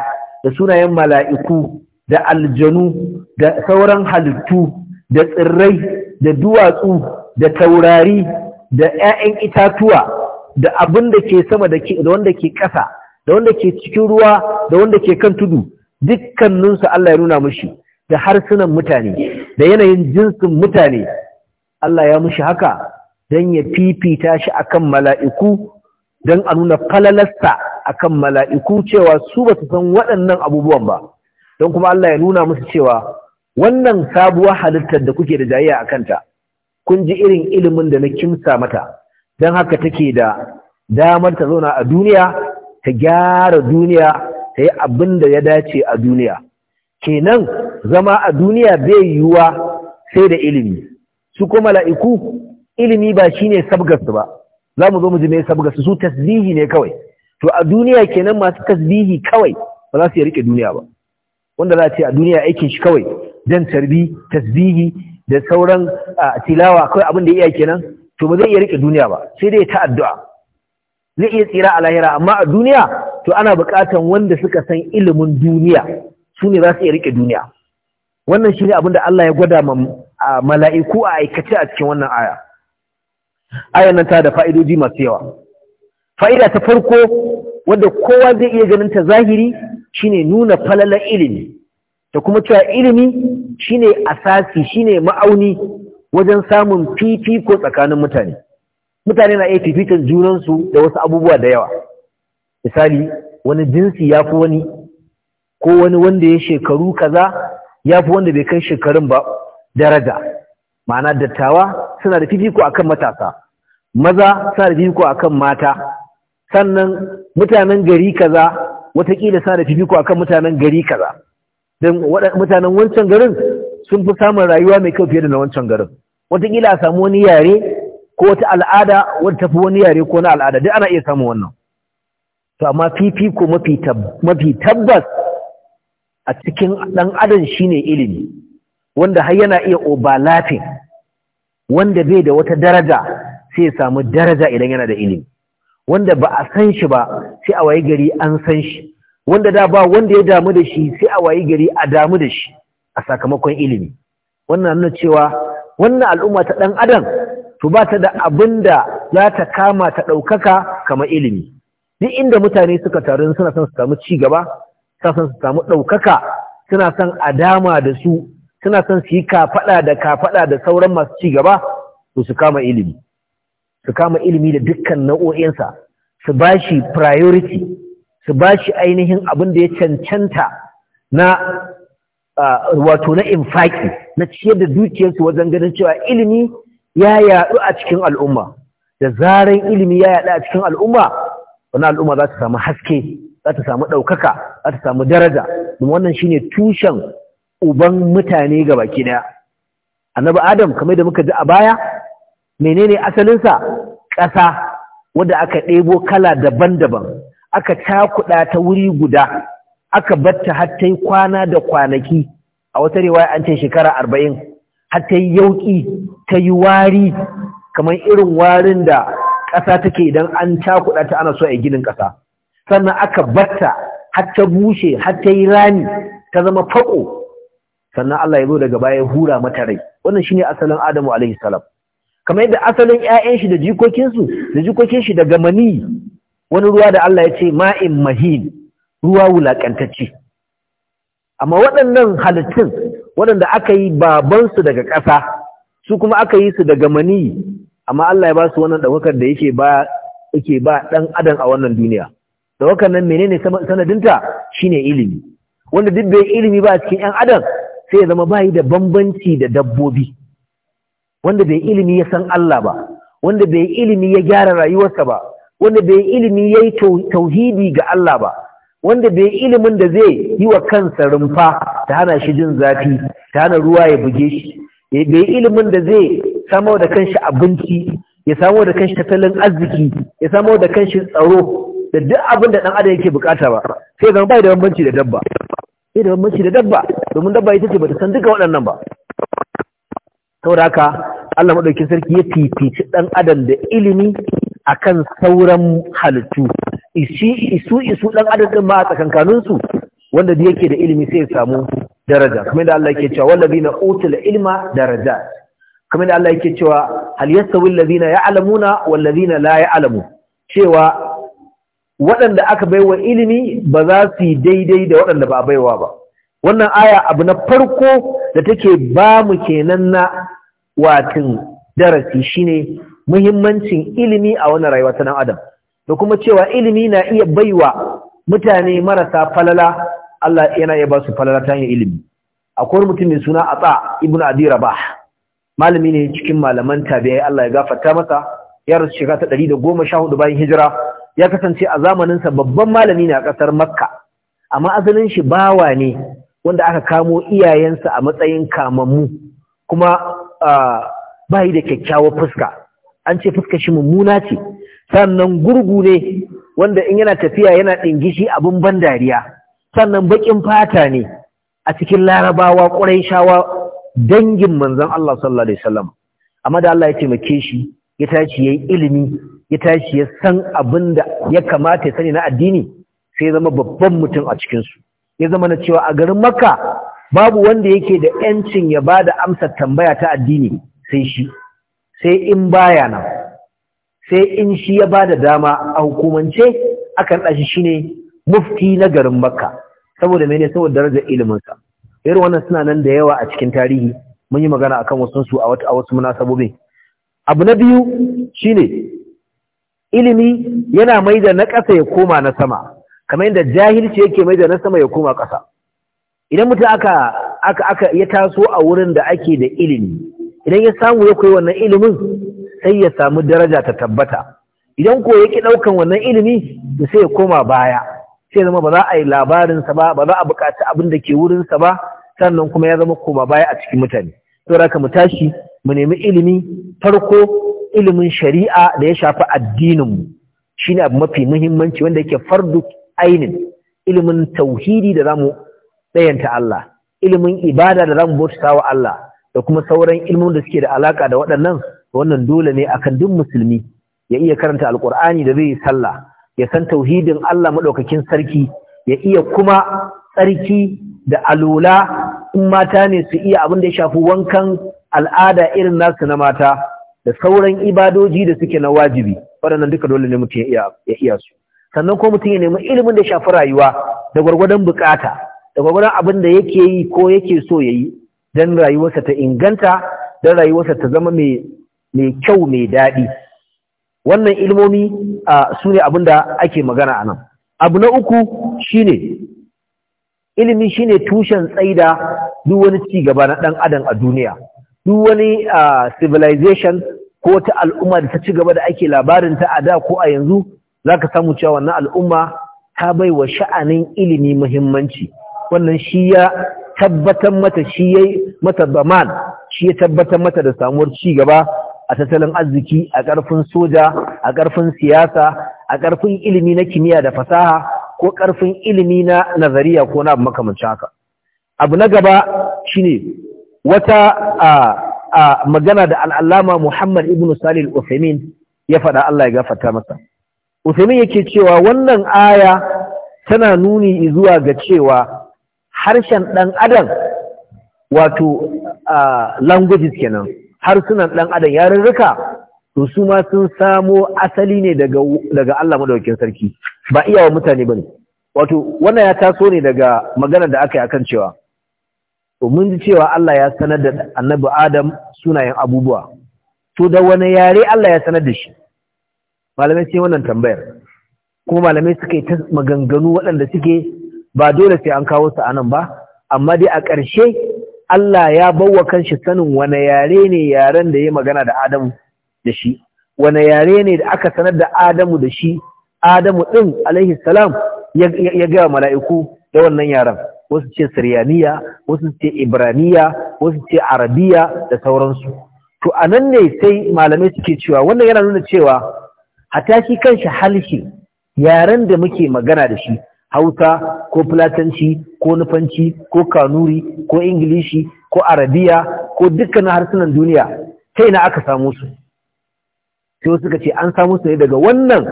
da sunayen mala'iku da aljanu da sauran halittu da tsirrai da duwatsu da taurari da 'ya'yan itatuwa da abin da ke sama da wanda ke ƙasa da wanda ke cikin ruwa da wanda ke kan tudu dukkaninsu Allah ya nuna mushi da harsunan mutane da yanayin jinsin mutane Allah ya mushi haka don ya fifita shi akan mala'iku don a nuna falalasta kan mala'iku cewa su ba su san waɗannan abubuwan ba don kuma Allah ya nuna musu cewa wannan sabuwar halittar da kuke da jayayya a kanta kun ji irin ilimin da na kimsa mata don haka take da damar ta zauna a duniya ta gyara duniya ta yi abin da ya dace a duniya kenan zama a duniya bai yiwuwa sai da ilimi su kuma mala'iku ilimi ba shine sabgarsu ba za mu zo mu ji sabgarsu su tasbihi ne kawai to a duniya kenan masu tasbihi kawai ba za su iya rike duniya ba wanda za a ce a duniya aikin shi kawai dan tarbi tasbihi da sauran tilawa kawai abin da iya kenan to ba zai iya rike duniya ba sai dai ta addu'a zai iya tsira a lahira amma a duniya to ana buƙatar wanda suka san ilimin duniya su ne za su iya riƙe duniya wannan shine abin da Allah ya gwada ma mala'iku a aikace a cikin wannan aya ayan nan ta da fa'idodi masu yawa fa'ida ta farko wanda kowa zai iya ganin ta zahiri shine nuna falalar ilimi ta kuma cewa ilimi shine asasi shine ma'auni wajen samun fifiko tsakanin mutane mutane na iya fifitan junansu da wasu abubuwa da yawa misali wani jinsi ya fi wani ko wani wanda ya shekaru kaza ya fi wanda bai kai shekarun ba daraja ma'ana dattawa suna da fifiko akan matasa maza suna da fifiko akan mata sannan mutanen gari kaza watakila suna da fifiko akan mutanen gari kaza don mutanen wancan garin sun fi samun rayuwa mai kyau fiye da na wancan garin watakila a samu wani yare ko wata al'ada wadda tafi wani yare ko na al'ada duk ana iya samun wannan to amma fifiko mafi tabbas a cikin ɗan adam shine ilimi wanda har yana iya overlapping wanda bai da wata daraja sai ya samu daraja idan yana da ilimi wanda ba a san shi ba sai a wayi gari an san shi wanda da ba wanda ya damu da shi sai a waye gari a damu da shi a sakamakon ilimi wannan nuna cewa wannan al'umma ta ɗan adam to ba ta da abin da za ta kama ta ɗaukaka kama ilimi duk inda mutane suka taru suna son su samu ci gaba suna son su samu ɗaukaka suna son a dama da su suna son su yi kafaɗa da kafaɗa da sauran masu ci gaba to su kama ilimi su kama ilimi da dukkan nau'o'insa su ba shi priority su ba shi ainihin abin da ya cancanta na wato na infaki na ciyar da dukiyarsu wajen ganin cewa ilimi ya yaɗu a cikin al'umma da zaran ilimi ya yaɗu a cikin al'umma wani al'umma za ta samu haske za ta samu ɗaukaka za ta samu daraja domin wannan ne tushen uban mutane ga baki ɗaya annabi adam kamar da muka ji a baya menene asalinsa ƙasa wadda aka ɗebo kala daban-daban aka cakuɗa ta wuri guda aka batta har ta kwana da kwanaki a wata riwaya an ce shekara arba'in har ta yi yauƙi ta yi wari kamar irin warin da ƙasa take idan an cakuɗa ta ana so a yi ginin ƙasa sannan aka batta har ta bushe har ta yi rami ta zama faƙo sannan Allah ya zo daga baya hura mata rai wannan shine asalin Adamu alaihi salam kamar yadda asalin ƴaƴan shi da jikokin su da jikokin shi daga mani wani ruwa da Allah ya ce ma'in mahin ruwa wulaƙantacce. amma waɗannan halittun waɗanda aka yi babansu daga ƙasa su kuma aka yi su daga mani amma Allah ya ba su wannan ɗaukakar da yake ba yake ba ɗan adam a wannan duniya ɗaukakar nan mene menene sanadinta shine ilimi wanda duk bai ilimi ba cikin ƴan adam sai ya zama ba da bambanci da dabbobi wanda bai ilimi ya san Allah ba wanda bai ilimi ya gyara rayuwarsa ba wanda bai ilimi ya yi tauhidi ga Allah ba wanda bai ilimin da zai yi wa kansa rumfa ta hana shi jin zafi ta hana ruwa ya buge shi eh, bai ilimin da zai samo da kanshi abinci ya samo da kanshi tattalin arziki ya samo da kanshi tsaro da duk abin da dan adam yake bukata ba sai ga bai da bambanci da dabba sai da bambanci da dabba domin dabba ita ce bata san duka waɗannan ba saboda haka Allah madaukakin sarki ya fifici dan adam da ilimi akan sauran halittu isu isu dan adadin ma a tsakankaninsu wanda da yake da ilimi sai ya samu daraja kamar da Allah yake cewa na utul ilma daraja kamar da Allah yake cewa hal yastawi allazina ya'lamuna wallazina la ya'lamu cewa waɗanda aka baiwa ilimi ba za su yi daidai da waɗanda ba a baiwa ba wannan aya abu na farko da take ba mu kenan na watin darasi shine muhimmancin ilimi a wani rayuwa ta dan adam da kuma cewa ilimi na iya baiwa mutane marasa falala Allah yana iya ba su falala ta hanyar ilimi akwai mutum mai suna Atsa ibn Abi Rabah malami ne cikin malaman tabi'ai Allah ya gafarta masa ya rasu shiga ta 114 bayan hijira ya kasance a zamanin sa babban malami ne a kasar Makka amma asalin shi bawa ne wanda aka kamo iyayensa a matsayin kamammu kuma ah, bai da kyakkyawar fuska an ce fuskar shi mummuna ce sannan gurgu ne wanda in yana tafiya yana ɗingishi abin ban dariya sannan baƙin fata ne a cikin larabawa ƙwarai shawa dangin manzon Allah sallallahu alaihi wasallam amma da Allah ya taimake shi ya tashi yayi ilimi ya tashi ya san abin da ya kamata ya sani na addini sai ya zama babban mutum a cikin su ya zama na cewa a garin Makka babu wanda yake da yancin ya ba da amsar tambaya ta addini sai shi sai in baya nan sai in shi ya bada dama a hukumance akan dashi shine mufti na garin makka saboda mene saboda darajar ilimin sa irin wannan suna nan da yawa a cikin tarihi mun yi magana akan wasu su a wata a wasu munasabobin abu na biyu shine ilimi yana maida da na ƙasa ya koma na sama kamar yadda jahilci yake mai da na sama ya koma ƙasa idan mutum aka aka aka ya taso a wurin da ake da ilimi idan ya samu ya koyi wannan ilimin sai ya samu daraja ta tabbata idan ko yake daukan wannan ilimi to sai ya koma baya sai zama ba za a yi labarin sa ba ba za a bukaci abin da ke wurin sa ba sannan kuma ya zama koma baya a cikin mutane to haka mu tashi mu nemi ilimi farko ilimin shari'a da ya shafi addinin mu shine abu mafi muhimmanci wanda yake fardu ainin ilimin tauhidi da zamu tsayanta Allah ilimin ibada da zamu bautawa Allah da kuma sauran ilmomin da suke da alaka da waɗannan wannan dole ne akan duk musulmi ya iya karanta alkur'ani da zai sallah ya san tauhidin Allah madaukakin sarki ya iya kuma tsarki da alula in mata ne su iya abin da ya shafi wankan al'ada irin nasu na mata da sauran ibadoji da suke na wajibi waɗannan duka dole ne mutum ya iya su sannan ko mutum ya nemi ilimin da shafi rayuwa da gwargwadon bukata da gwargwadon abin da yake yi ko yake so ya yi don rayuwarsa ta inganta don rayuwarsa ta zama mai kyau mai daɗi wannan ilmomi su ne abin da ake magana a nan abu na uku shine ilimi shine tushen tsaida duk wani ci gaba na ɗan adam a duniya duk wani civilization ko ta al'umma da ta ci gaba da ake labarin ta a da ko a yanzu za ka samu cewa wannan al'umma ta bai wa sha'anin ilimi muhimmanci wannan shi ya tabbatar mata shi ya mata zaman shi ya tabbatar mata da samuwar ci gaba a tattalin arziki a ƙarfin soja a ƙarfin siyasa a ƙarfin ilimi na kimiyya da fasaha ko ƙarfin ilimi na nazariya ko na makamancin haka abu na gaba shine wata a magana da al'allama Muhammad ibn Salil al ya faɗa Allah ya gafarta masa Uthaymeen yake cewa wannan aya tana nuni zuwa ga cewa harshen ɗan adam wato languages kenan harsunan ɗan adam yarurruka to su ma sun samo asali ne daga Allah madaukin sarki ba iyawa mutane bane wato wannan ya taso ne daga magana da aka yi akan cewa to mun ji cewa Allah ya sanar da annabi Adam sunayen abubuwa to da wani yare Allah ya sanar da shi malamai sai wannan tambayar kuma malamai suka yi ta maganganu waɗanda suke ba dole sai an kawo su anan ba amma dai a ƙarshe Allah ya bawa kanshi sanin wane yare ne yaren da ya magana da Adamu da shi wane yare ne da aka sanar da Adamu da shi Adamu din alaihi salam ya ga mala'iku da wannan yaren wasu ce Siriyaniya wasu ce Ibraniya wasu ce Arabiya da sauransu to anan ne sai malamai suke cewa wannan yana nuna cewa hatta shi kanshi halshe yaren da muke magana da shi hausa ko fulatanci ko nufanci ko kanuri ko ingilishi ko arabiya ko dukkanin harsunan duniya ta ina aka samu su sai suka ce an samu su ne daga wannan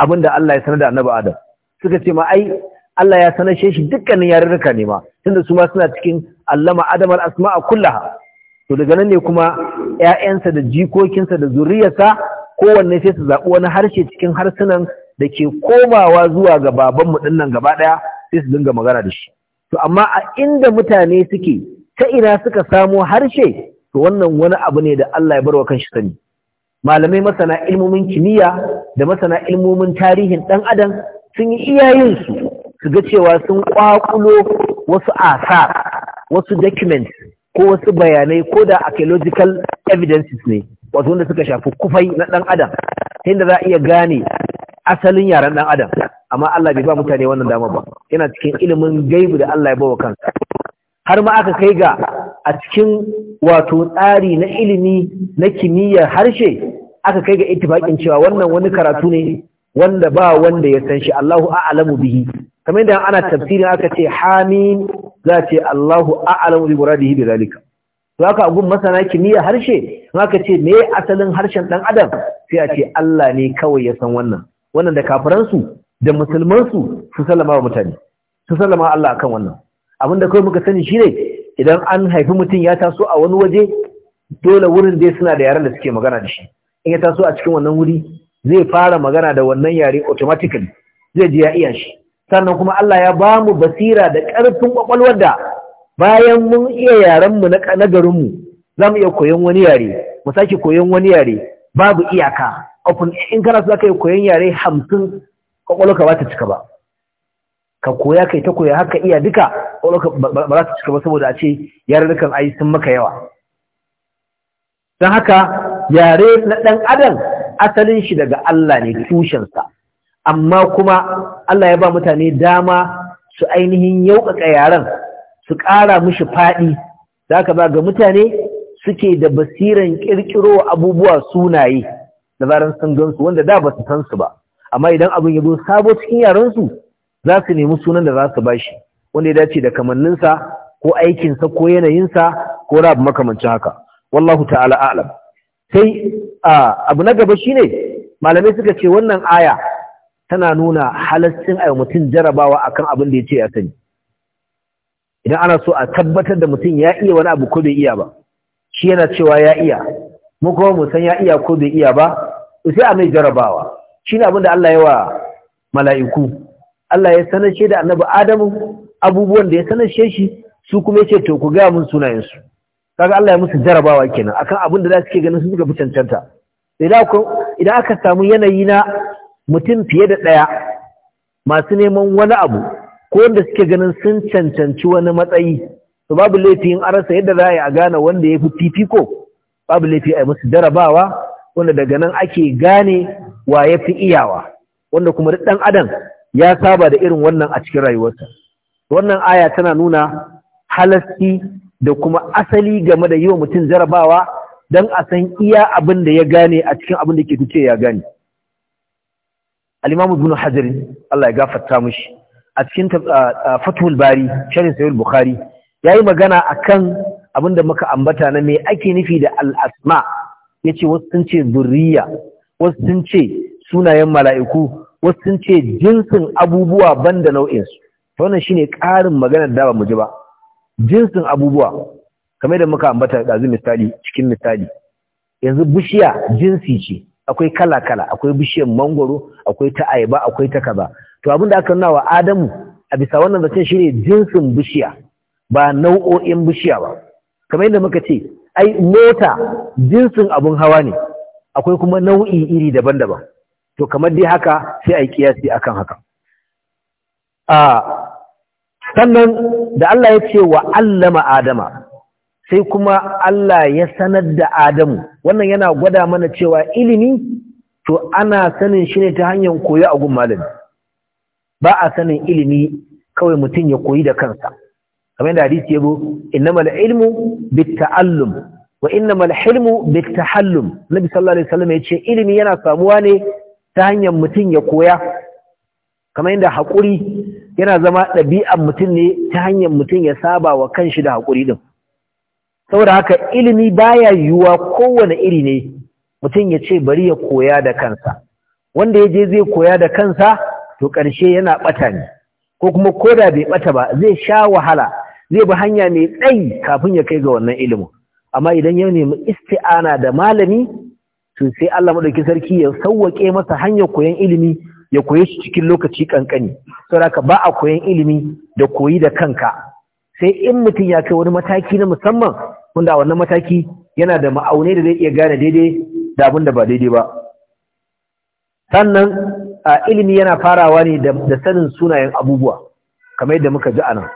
abin da Allah ya sanar da annabi Adam suka ce ma ai Allah ya sanar shi dukkanin yarurruka ne ma tunda su ma suna cikin allama Adam al-asma'a kullaha to daga nan ne kuma ƴaƴansa da jikokinsa da zuriyarsa kowanne sai su zaɓi wani harshe cikin harsunan da ke komawa zuwa ga babanmu ɗin nan gaba ɗaya sai su dinga magana da shi to amma a inda mutane suke ta ina suka samo harshe to wannan wani abu ne da Allah ya barwa kanshi sani malamai masana ilmomin kimiyya da masana ilmomin tarihin ɗan adam sun yi iyayensu su ga cewa sun kwakulo wasu asa wasu documents ko wasu bayanai ko da archaeological evidences ne wato wanda suka shafi kufai na ɗan adam inda za a iya gane asalin yaren dan adam amma Allah bai ba mutane wannan dama ba yana cikin ilimin gaibu da Allah ya bawa kansa har ma aka kai ga a cikin wato tsari na ilimi na kimiyyar harshe aka kai ga ittifaqin cewa wannan wani karatu ne wanda ba wanda ya san shi Allahu a'lamu bihi kamar yadda ana tafsirin aka ce hamin za ce Allahu a'lamu bi muradihi bi zalika to aka gun masana kimiyyar harshe aka ce me asalin harshen dan adam sai a ce Allah ne kawai ya san wannan wannan da kafiransu da musulmansu su sallama wa mutane su sallama Allah akan wannan abinda kai muka sani shine idan an haifi mutum ya taso a wani waje dole wurin dai suna da yaren da suke magana da shi in ya taso a cikin wannan wuri zai fara magana da wannan yare automatically zai ji ya iya shi sannan kuma Allah ya ba mu basira da ƙarfin kwakwalwar da bayan mun iya mu na garinmu za mu iya koyon wani yare mu sake koyon wani yare babu iyaka ofin in kana so yi koyon yare hamsin kwakwalwaka ba ta cika ba ka koya kai ta koya haka iya duka kwakwalwaka ba za ta cika ba saboda a ce yarurrukan ayi sun maka yawa don haka yare na ɗan adam asalin shi daga Allah ne tushensa amma kuma Allah ya ba mutane dama su ainihin yauƙaƙa yaren su ƙara mishi faɗi za ka ba ga mutane suke da basiran ƙirƙiro abubuwa sunaye da zaran sun gansu wanda da ba su san su ba amma idan abin ya zo sabo cikin su, za su nemi sunan da za su bashi wanda ya dace da kamanninsa ko aikinsa ko yanayinsa ko rabu makamancin haka wallahu ta'ala a'lam sai abu na gaba shine malamai suka ce wannan aya tana nuna halaccin ayi mutum jarabawa akan abin da ya ce ya sani idan ana so a tabbatar da mutum ya iya wani abu ko bai iya ba shi yana cewa ya iya mu kuma mu san ya iya ko bai iya ba sai a mai jarabawa shine abin da Allah ya wa mala'iku Allah ya sanarce da annabi Adamu abubuwan da ya sanarce shi su kuma yace to ku gaya mun sunayensu. kaga Allah ya musu jarabawa kenan akan abin da za su ke ganin su suka fi cancanta idan aka samu yanayi na mutum fiye da ɗaya masu neman wani abu ko wanda suke ganin sun cancanci wani matsayi to babu laifi in arasa yadda za a gane wanda ya fi fifiko babu laifi a yi musu jarabawa wanda daga nan ake gane wa ya fi iyawa wanda kuma duk ɗan adam ya saba da irin wannan a cikin rayuwarsa wannan aya tana nuna halasci da kuma asali game da yi wa mutum jarabawa don a san iya abin da ya gane a cikin abin da ke tuce ya gane alimamu bin hajjari Allah ya gafarta mushi a cikin fatuhul bari sharin sayul bukhari ya yi magana a kan abin da muka ambata na mai ake nufi da al'asma ya ce wasu sun ce zurriya wasu sun ce sunayen mala'iku wasu sun ce jinsin abubuwa banda nau'insu wannan shine ƙarin maganar da ba mu ji ba jinsin abubuwa kamar yadda muka ambata ɗazu misali cikin misali yanzu bishiya jinsi ce akwai kala-kala akwai bishiyar mangoro akwai ta ayaba akwai ta kaza to da aka nuna wa adamu a bisa wannan zaton shine jinsin bishiya ba nau'o'in bishiya ba kamar yadda muka ce ai mota jinsin abun hawa ne akwai kuma nau'i iri daban-daban to kamar dai haka sai a kiyasi akan haka a sannan da Allah ya ce wa allama adama sai kuma Allah ya sanar da adamu wannan yana gwada mana cewa ilimi to ana sanin shi ne ta hanyar koyo a gun malami ba a sanin ilimi kawai mutum ya koyi da kansa kamar da hadisi yabo innamal ilmu bitta'allum wa innamal hilmu bittahallum nabi sallallahu alaihi wasallam yace ilimi yana samuwa ne ta hanyar mutum ya koya kamar yadda hakuri yana zama ɗabi'ar mutum ne ta hanyar mutum ya saba wa kanshi da hakuri din saboda haka ilimi baya yiwuwa kowane iri ne mutum ya ce bari ya koya da kansa wanda ya je zai koya da kansa to karshe yana ɓata ne ko kuma koda bai ɓata ba zai sha wahala zai bi hanya mai tsayi kafin ya kai ga wannan ilimin amma idan ya nemi isti'ana da malami to sai Allah madauki sarki ya sauwake masa hanyar koyon ilimi ya koye shi cikin lokaci kankani saboda ba a koyon ilimi da koyi da kanka sai in mutum ya kai wani mataki na musamman wanda wannan mataki yana da ma'aunai da zai iya gane daidai da abin da ba daidai ba sannan ilimi yana farawa ne da sanin sunayen abubuwa kamar yadda muka ji a nan.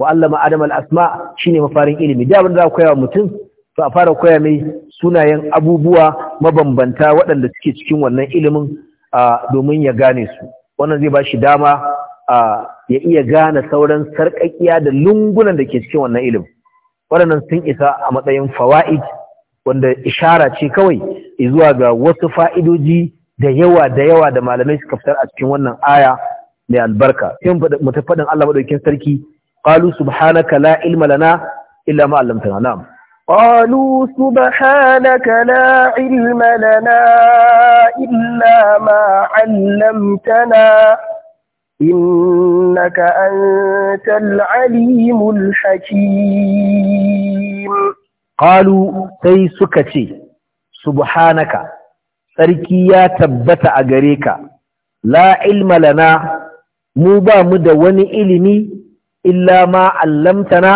wa allama adam al-asma shine mafarin ilimi da abin da za koya mutum to a fara koya mai sunayen abubuwa mabambanta waɗanda suke cikin wannan ilimin domin ya gane su wannan zai ba shi dama ya iya gane sauran sarƙaƙiya da lungunan da ke cikin wannan ilimin waɗannan sun isa a matsayin fawa'id wanda ishara ce kawai zuwa ga wasu fa'idoji da yawa da yawa da malamai suka fitar a cikin wannan aya mai albarka sai mu faɗin Allah maɗaukin sarki qalu subhanaka la ilma lana illa ma 'allamtana na'am
قالوا سبحانك لا علم لنا إلا ما علمتنا إنك أنت العليم الحكيم
قالوا سي سكتي سبحانك سركي يا تبت أغريك لا علم لنا مبا مدوني إلمي illa ma allamtana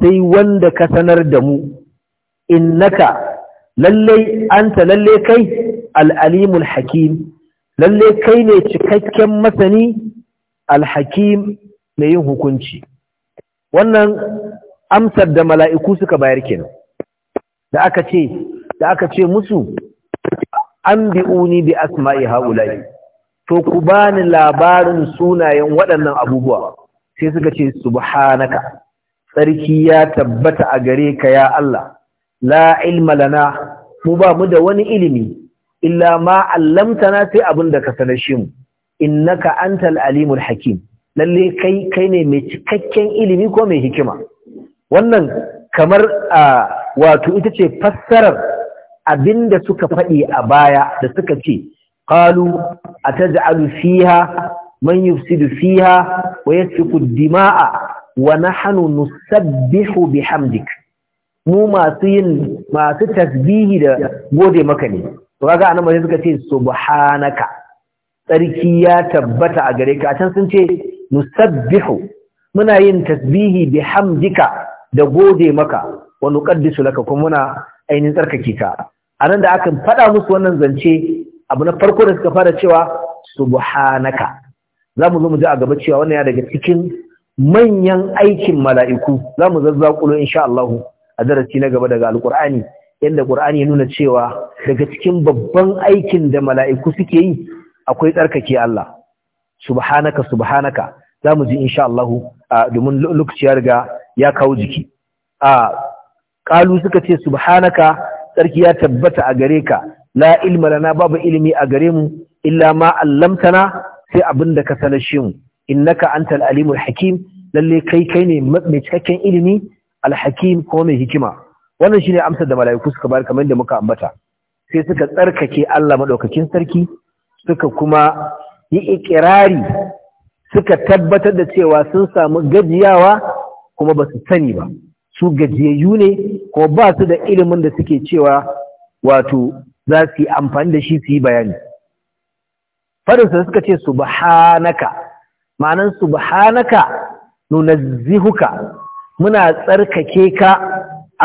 sai wanda ka sanar da mu innaka lallai anta lallai kai al'alimul hakim lallai kai ne cikakken masani alhakim mai yin hukunci wannan amsar da mala'iku suka bayar kenan da aka ce da aka ce musu an bi'uni bi asma'i haula'i to ku bani labarin sunayen waɗannan abubuwa sai suka ce subhanaka Tsarki ya tabbata a gare ka ya Allah la ilma lana mu ba mu da wani ilimi illa ma allamtana sai abin da ka sanar shi mu innaka antal alimul hakim lalle kai kai ne mai cikakken ilimi ko mai hikima wannan kamar wato ita ce fassarar abinda suka faɗi a baya da suka ce qalu ataj'alu fiha man yufsidu fiha wa yasfiku dima'a wa nahnu nusabbihu bihamdik mu masu yin masu tasbihi da gode maka ne to kaga anan mai suka ce subhanaka tsarki ya tabbata a gare ka can sun ce nusabbihu muna yin tasbihi bihamdika da gode maka wa nuqaddisu laka kuma muna ainihin tsarkake ka anan da aka faɗa musu wannan zance abu na farko da suka fara cewa subhanaka za mu zo mu ji a gaba cewa wannan ya daga cikin manyan aikin mala'iku za mu zazzakulo insha Allah a darasi na gaba daga alkur'ani yadda ƙur'ani ya nuna cewa daga cikin babban aikin da mala'iku suke yi akwai tsarkake Allah subhanaka subhanaka za mu ji insha Allah domin lokaci ya riga ya kawo jiki a ƙalu suka ce subhanaka tsarki ya tabbata a gare ka la ilma lana babu ilimi a gare mu illa ma allamtana sai abin da ka shi mu innaka antal alimul hakim lalle kai kai ne mai cikakken ilimi alhakim ko mai hikima wannan shine amsar da mala'iku suka bayar kamar yadda muka ambata sai suka tsarkake Allah madaukakin sarki suka kuma yi ikirari suka tabbatar da cewa sun samu gajiyawa kuma ba su sani ba su gajiyayyu ne kuma ba su da ilimin da suke cewa wato za su yi amfani da shi su yi bayani farinsa suka ce subhanaka ma'anan subhanaka nunazzihuka muna tsarkake ka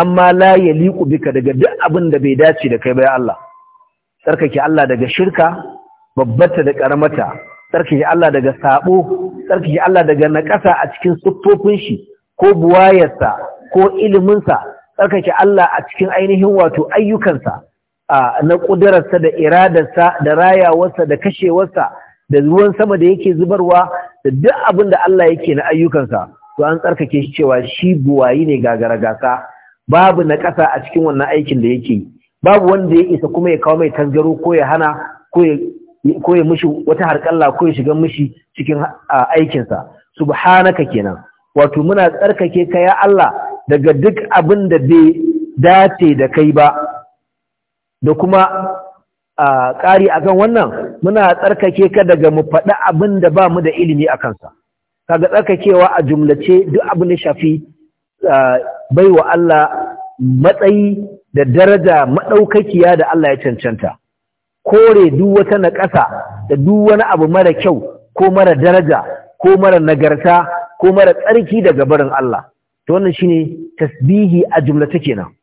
amma la yaliqu bika daga duk abin da bai dace da kai ba Allah tsarkake Allah daga shirka babbata da karamata tsarkake Allah daga saɓo. tsarkake Allah daga naƙasa a cikin siffofin shi ko buwayarsa ko iliminsa tsarkake Allah a cikin ainihin wato ayyukansa na ƙudurarsa da iradarsa da rayawarsa da kashewarsa da ruwan sama da yake zubarwa da duk abin da Allah yake na ayyukansa to an tsarkake shi cewa shi buwayi ne gagara gasa babu na ƙasa a cikin wannan aikin da yake yi babu wanda ya isa kuma ya kawo mai tangaro ko ya hana ko ya mushi wata harƙalla ko ya shiga mishi cikin aikinsa subhanaka kenan wato muna tsarkake ka ya Allah daga duk abin da bai dace da kai ba da kuma a ƙari akan wannan muna tsarkake ka daga mu faɗi abin da ba mu da ilimi a kansa kaga tsarkakewa a jumlace duk abin da shafi bai wa Allah matsayi da daraja maɗaukakiya da Allah ya cancanta kore duk wata naƙasa da duk wani abu mara kyau ko mara daraja ko mara nagarta ko mara tsarki daga barin Allah to wannan shine tasbihi a jumlace kenan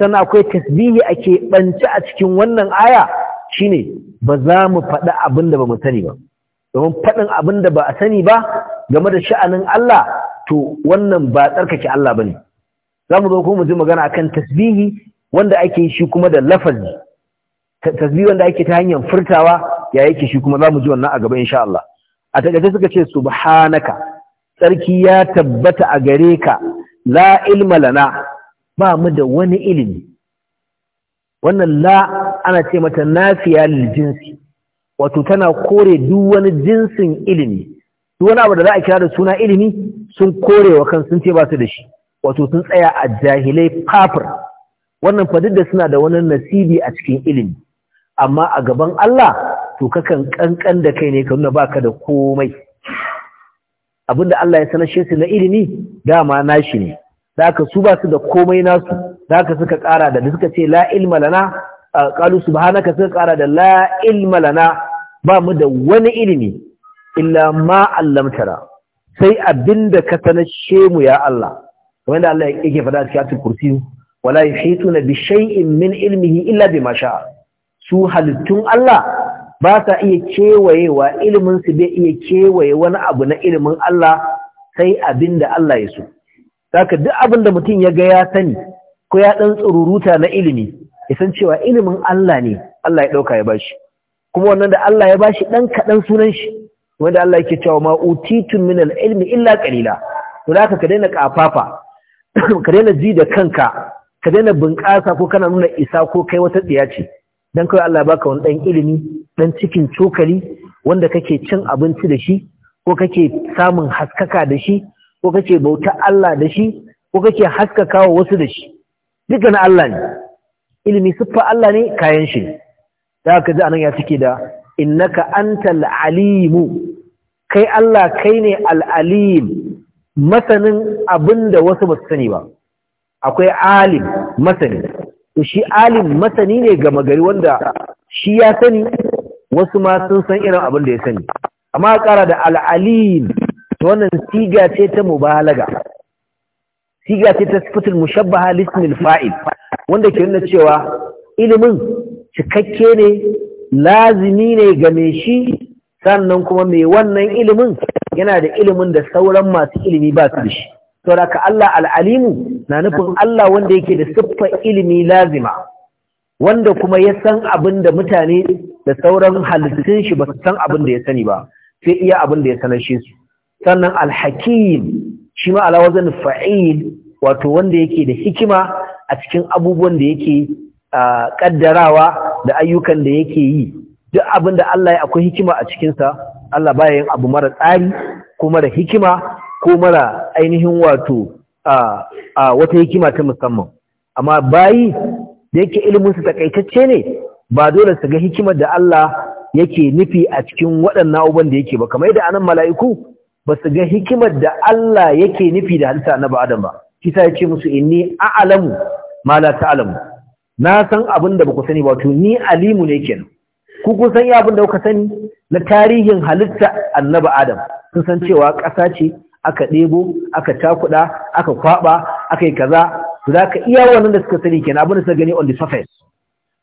sannan akwai tasbihi ake banci a cikin wannan aya shine ba za mu faɗi abin da ba sani ba domin faɗin abin da ba a sani ba game da sha'anin Allah to wannan ba tsarkake Allah ba ne za mu zo kuma mu ji magana akan tasbihi wanda ake shi kuma da lafazi tasbihi wanda ake ta hanyar furtawa ya yake shi kuma za mu ji wannan a gaba insha Allah a takaice suka ce subhanaka tsarki ya tabbata a gare ka la ilma lana ba mu da wani ilimi wannan la ana ce mata nafiya lil jinsi wato tana kore duk wani jinsin ilimi duk wani abu da za a kira da suna ilimi sun kore wa kan sun ce ba su da shi wato sun tsaya a jahilai kafir wannan fa da suna da wani nasibi a cikin ilimi amma a gaban Allah to kakan kankan da kai ne ka nuna baka da komai Abin da Allah ya sanar shi na ilimi dama nashi ne da haka su ba su da komai nasu da haka suka ƙara da suka ce la ilma lana qalu haka suka kara da la ilma lana ba mu da wani ilimi illa ma allamtara sai abinda ka sanar mu ya Allah wanda Allah yake faɗa cikin ayatul kursi wala yuhituna bi shay'in min ilmihi illa bima sha'a su halittun Allah ba sa iya kewayewa ilimin su bai iya kewaye wani abu na ilimin Allah sai da Allah ya so Saka duk abin da mutum ya ga ya sani ko ya ɗan tsururuta na ilimi, ya san cewa ilimin Allah ne, Allah ya ɗauka ya bashi. Kuma wannan da Allah ya bashi ɗan kaɗan sunan shi, wanda Allah yake cewa ma utitun min al’ilmi illa ƙalila. To da ka daina ƙafafa, ka daina ji da kanka, ka daina bunƙasa ko kana nuna isa ko kai wata tsiya ce. Dan kawai Allah ya baka wani ɗan ilimi, ɗan cikin cokali wanda kake cin abinci da shi ko kake samun haskaka da shi ko kake bauta Allah da shi ko kake haskaka wa wasu da shi duka na Allah ne ilimi siffa Allah ne kayan shi ne da ka ji anan ya cike da innaka antal alim kai Allah kai ne al-alim masanin abinda wasu ba su sani ba akwai alim masani to shi alim masani ne ga magari wanda shi ya sani wasu ma sun san irin abin da ya sani amma kara da al'alim to wannan siga ce ta mubalaga siga ce ta sifatul mushabbaha lismil fa'il wanda ke nuna cewa ilimin cikakke ne lazimi ne ga mai shi sannan kuma mai wannan ilimin yana da ilimin da sauran masu ilimi ba su da shi saboda Allah al'alimu na nufin Allah wanda yake da siffar ilimi lazima wanda kuma ya san abin da mutane da sauran halittun shi ba su san abin da ya sani ba sai iya abin da ya sanar shi su sannan alhakim shi ma alawazan fa'il wato wanda yake da hikima a cikin abubuwan da yake kaddarawa da ayyukan da yake yi duk abin da Allah ya akwai hikima a cikinsa Allah baya yin abu mara tsari ko mara hikima ko mara ainihin wato wata hikima ta musamman amma bayi da yake iliminsu takaitacce ne ba dole su ga hikimar da Allah yake nufi a cikin waɗannan abubuwan da yake ba kamar yadda anan mala'iku ba su ga hikimar da Allah yake nufi da halitta na Adam ba kisa ya ce musu inni a'lamu ma la ta'lamu na san abin da baku sani ba to ni alimu ne kenan ku kun san abin da kuka sani na tarihin halitta annabi Adam sun san cewa ƙasa ce aka ɗebo aka takuɗa aka kwaɓa aka yi kaza su da ka iya wannan da suka sani kenan abin da suka gani on the surface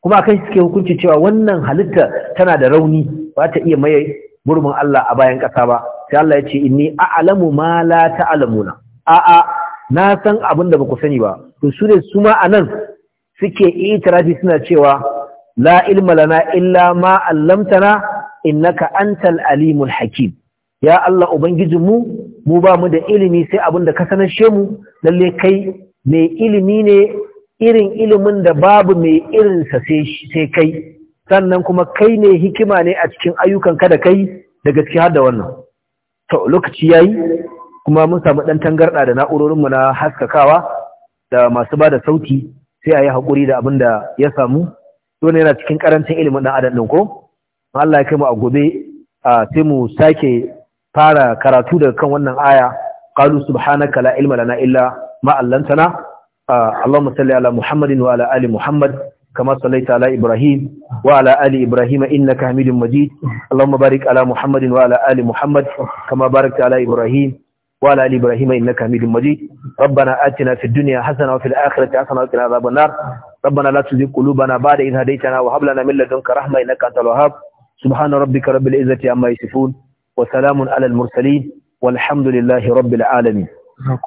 kuma shi suke hukunci cewa wannan halitta tana da rauni ba ta iya maye gurbin Allah a bayan ƙasa ba sai Allah ya ce inni a'lamu ma la ta'lamuna a'a na san abin da ba ku sani ba to su ne su ma anan suke itirafi suna cewa la ilmalana illa ma 'allamtana innaka antal alimul hakim ya Allah ubangijinmu mu ba mu da ilimi sai abin da ka sanar mu lalle kai mai ilimi ne irin ilimin da babu mai irinsa sai kai sannan kuma kai ne hikima ne a cikin ayyukan ka da kai da gaske har da wannan to lokaci yayi kuma mun samu dan tangarda da na'urorin mu na haskakawa da masu ba da sauti sai a yi haƙuri da abin da ya samu ne yana cikin karancin ilimin dan adam din ko Allah ya kai mu a gobe sai mu sake fara karatu daga kan wannan aya qalu subhanaka la ilma lana illa ma Allahumma salli ala Muhammadin محمد وعلى ال محمد كما صليت على إبراهيم وعلى آل إبراهيم إنك حميد مجيد اللهم بارك على محمد وعلى آل محمد كما باركت على إبراهيم وعلى آل إبراهيم إنك حميد مجيد ربنا آتنا في الدنيا حسنة وفي الآخرة حسنة وقنا عذاب النار ربنا لا تزغ قلوبنا بعد إذ هديتنا وهب لنا من لدنك رحمة إنك أنت الوهاب سبحان ربك رب العزة عما يصفون وسلام على المرسلين والحمد لله رب العالمين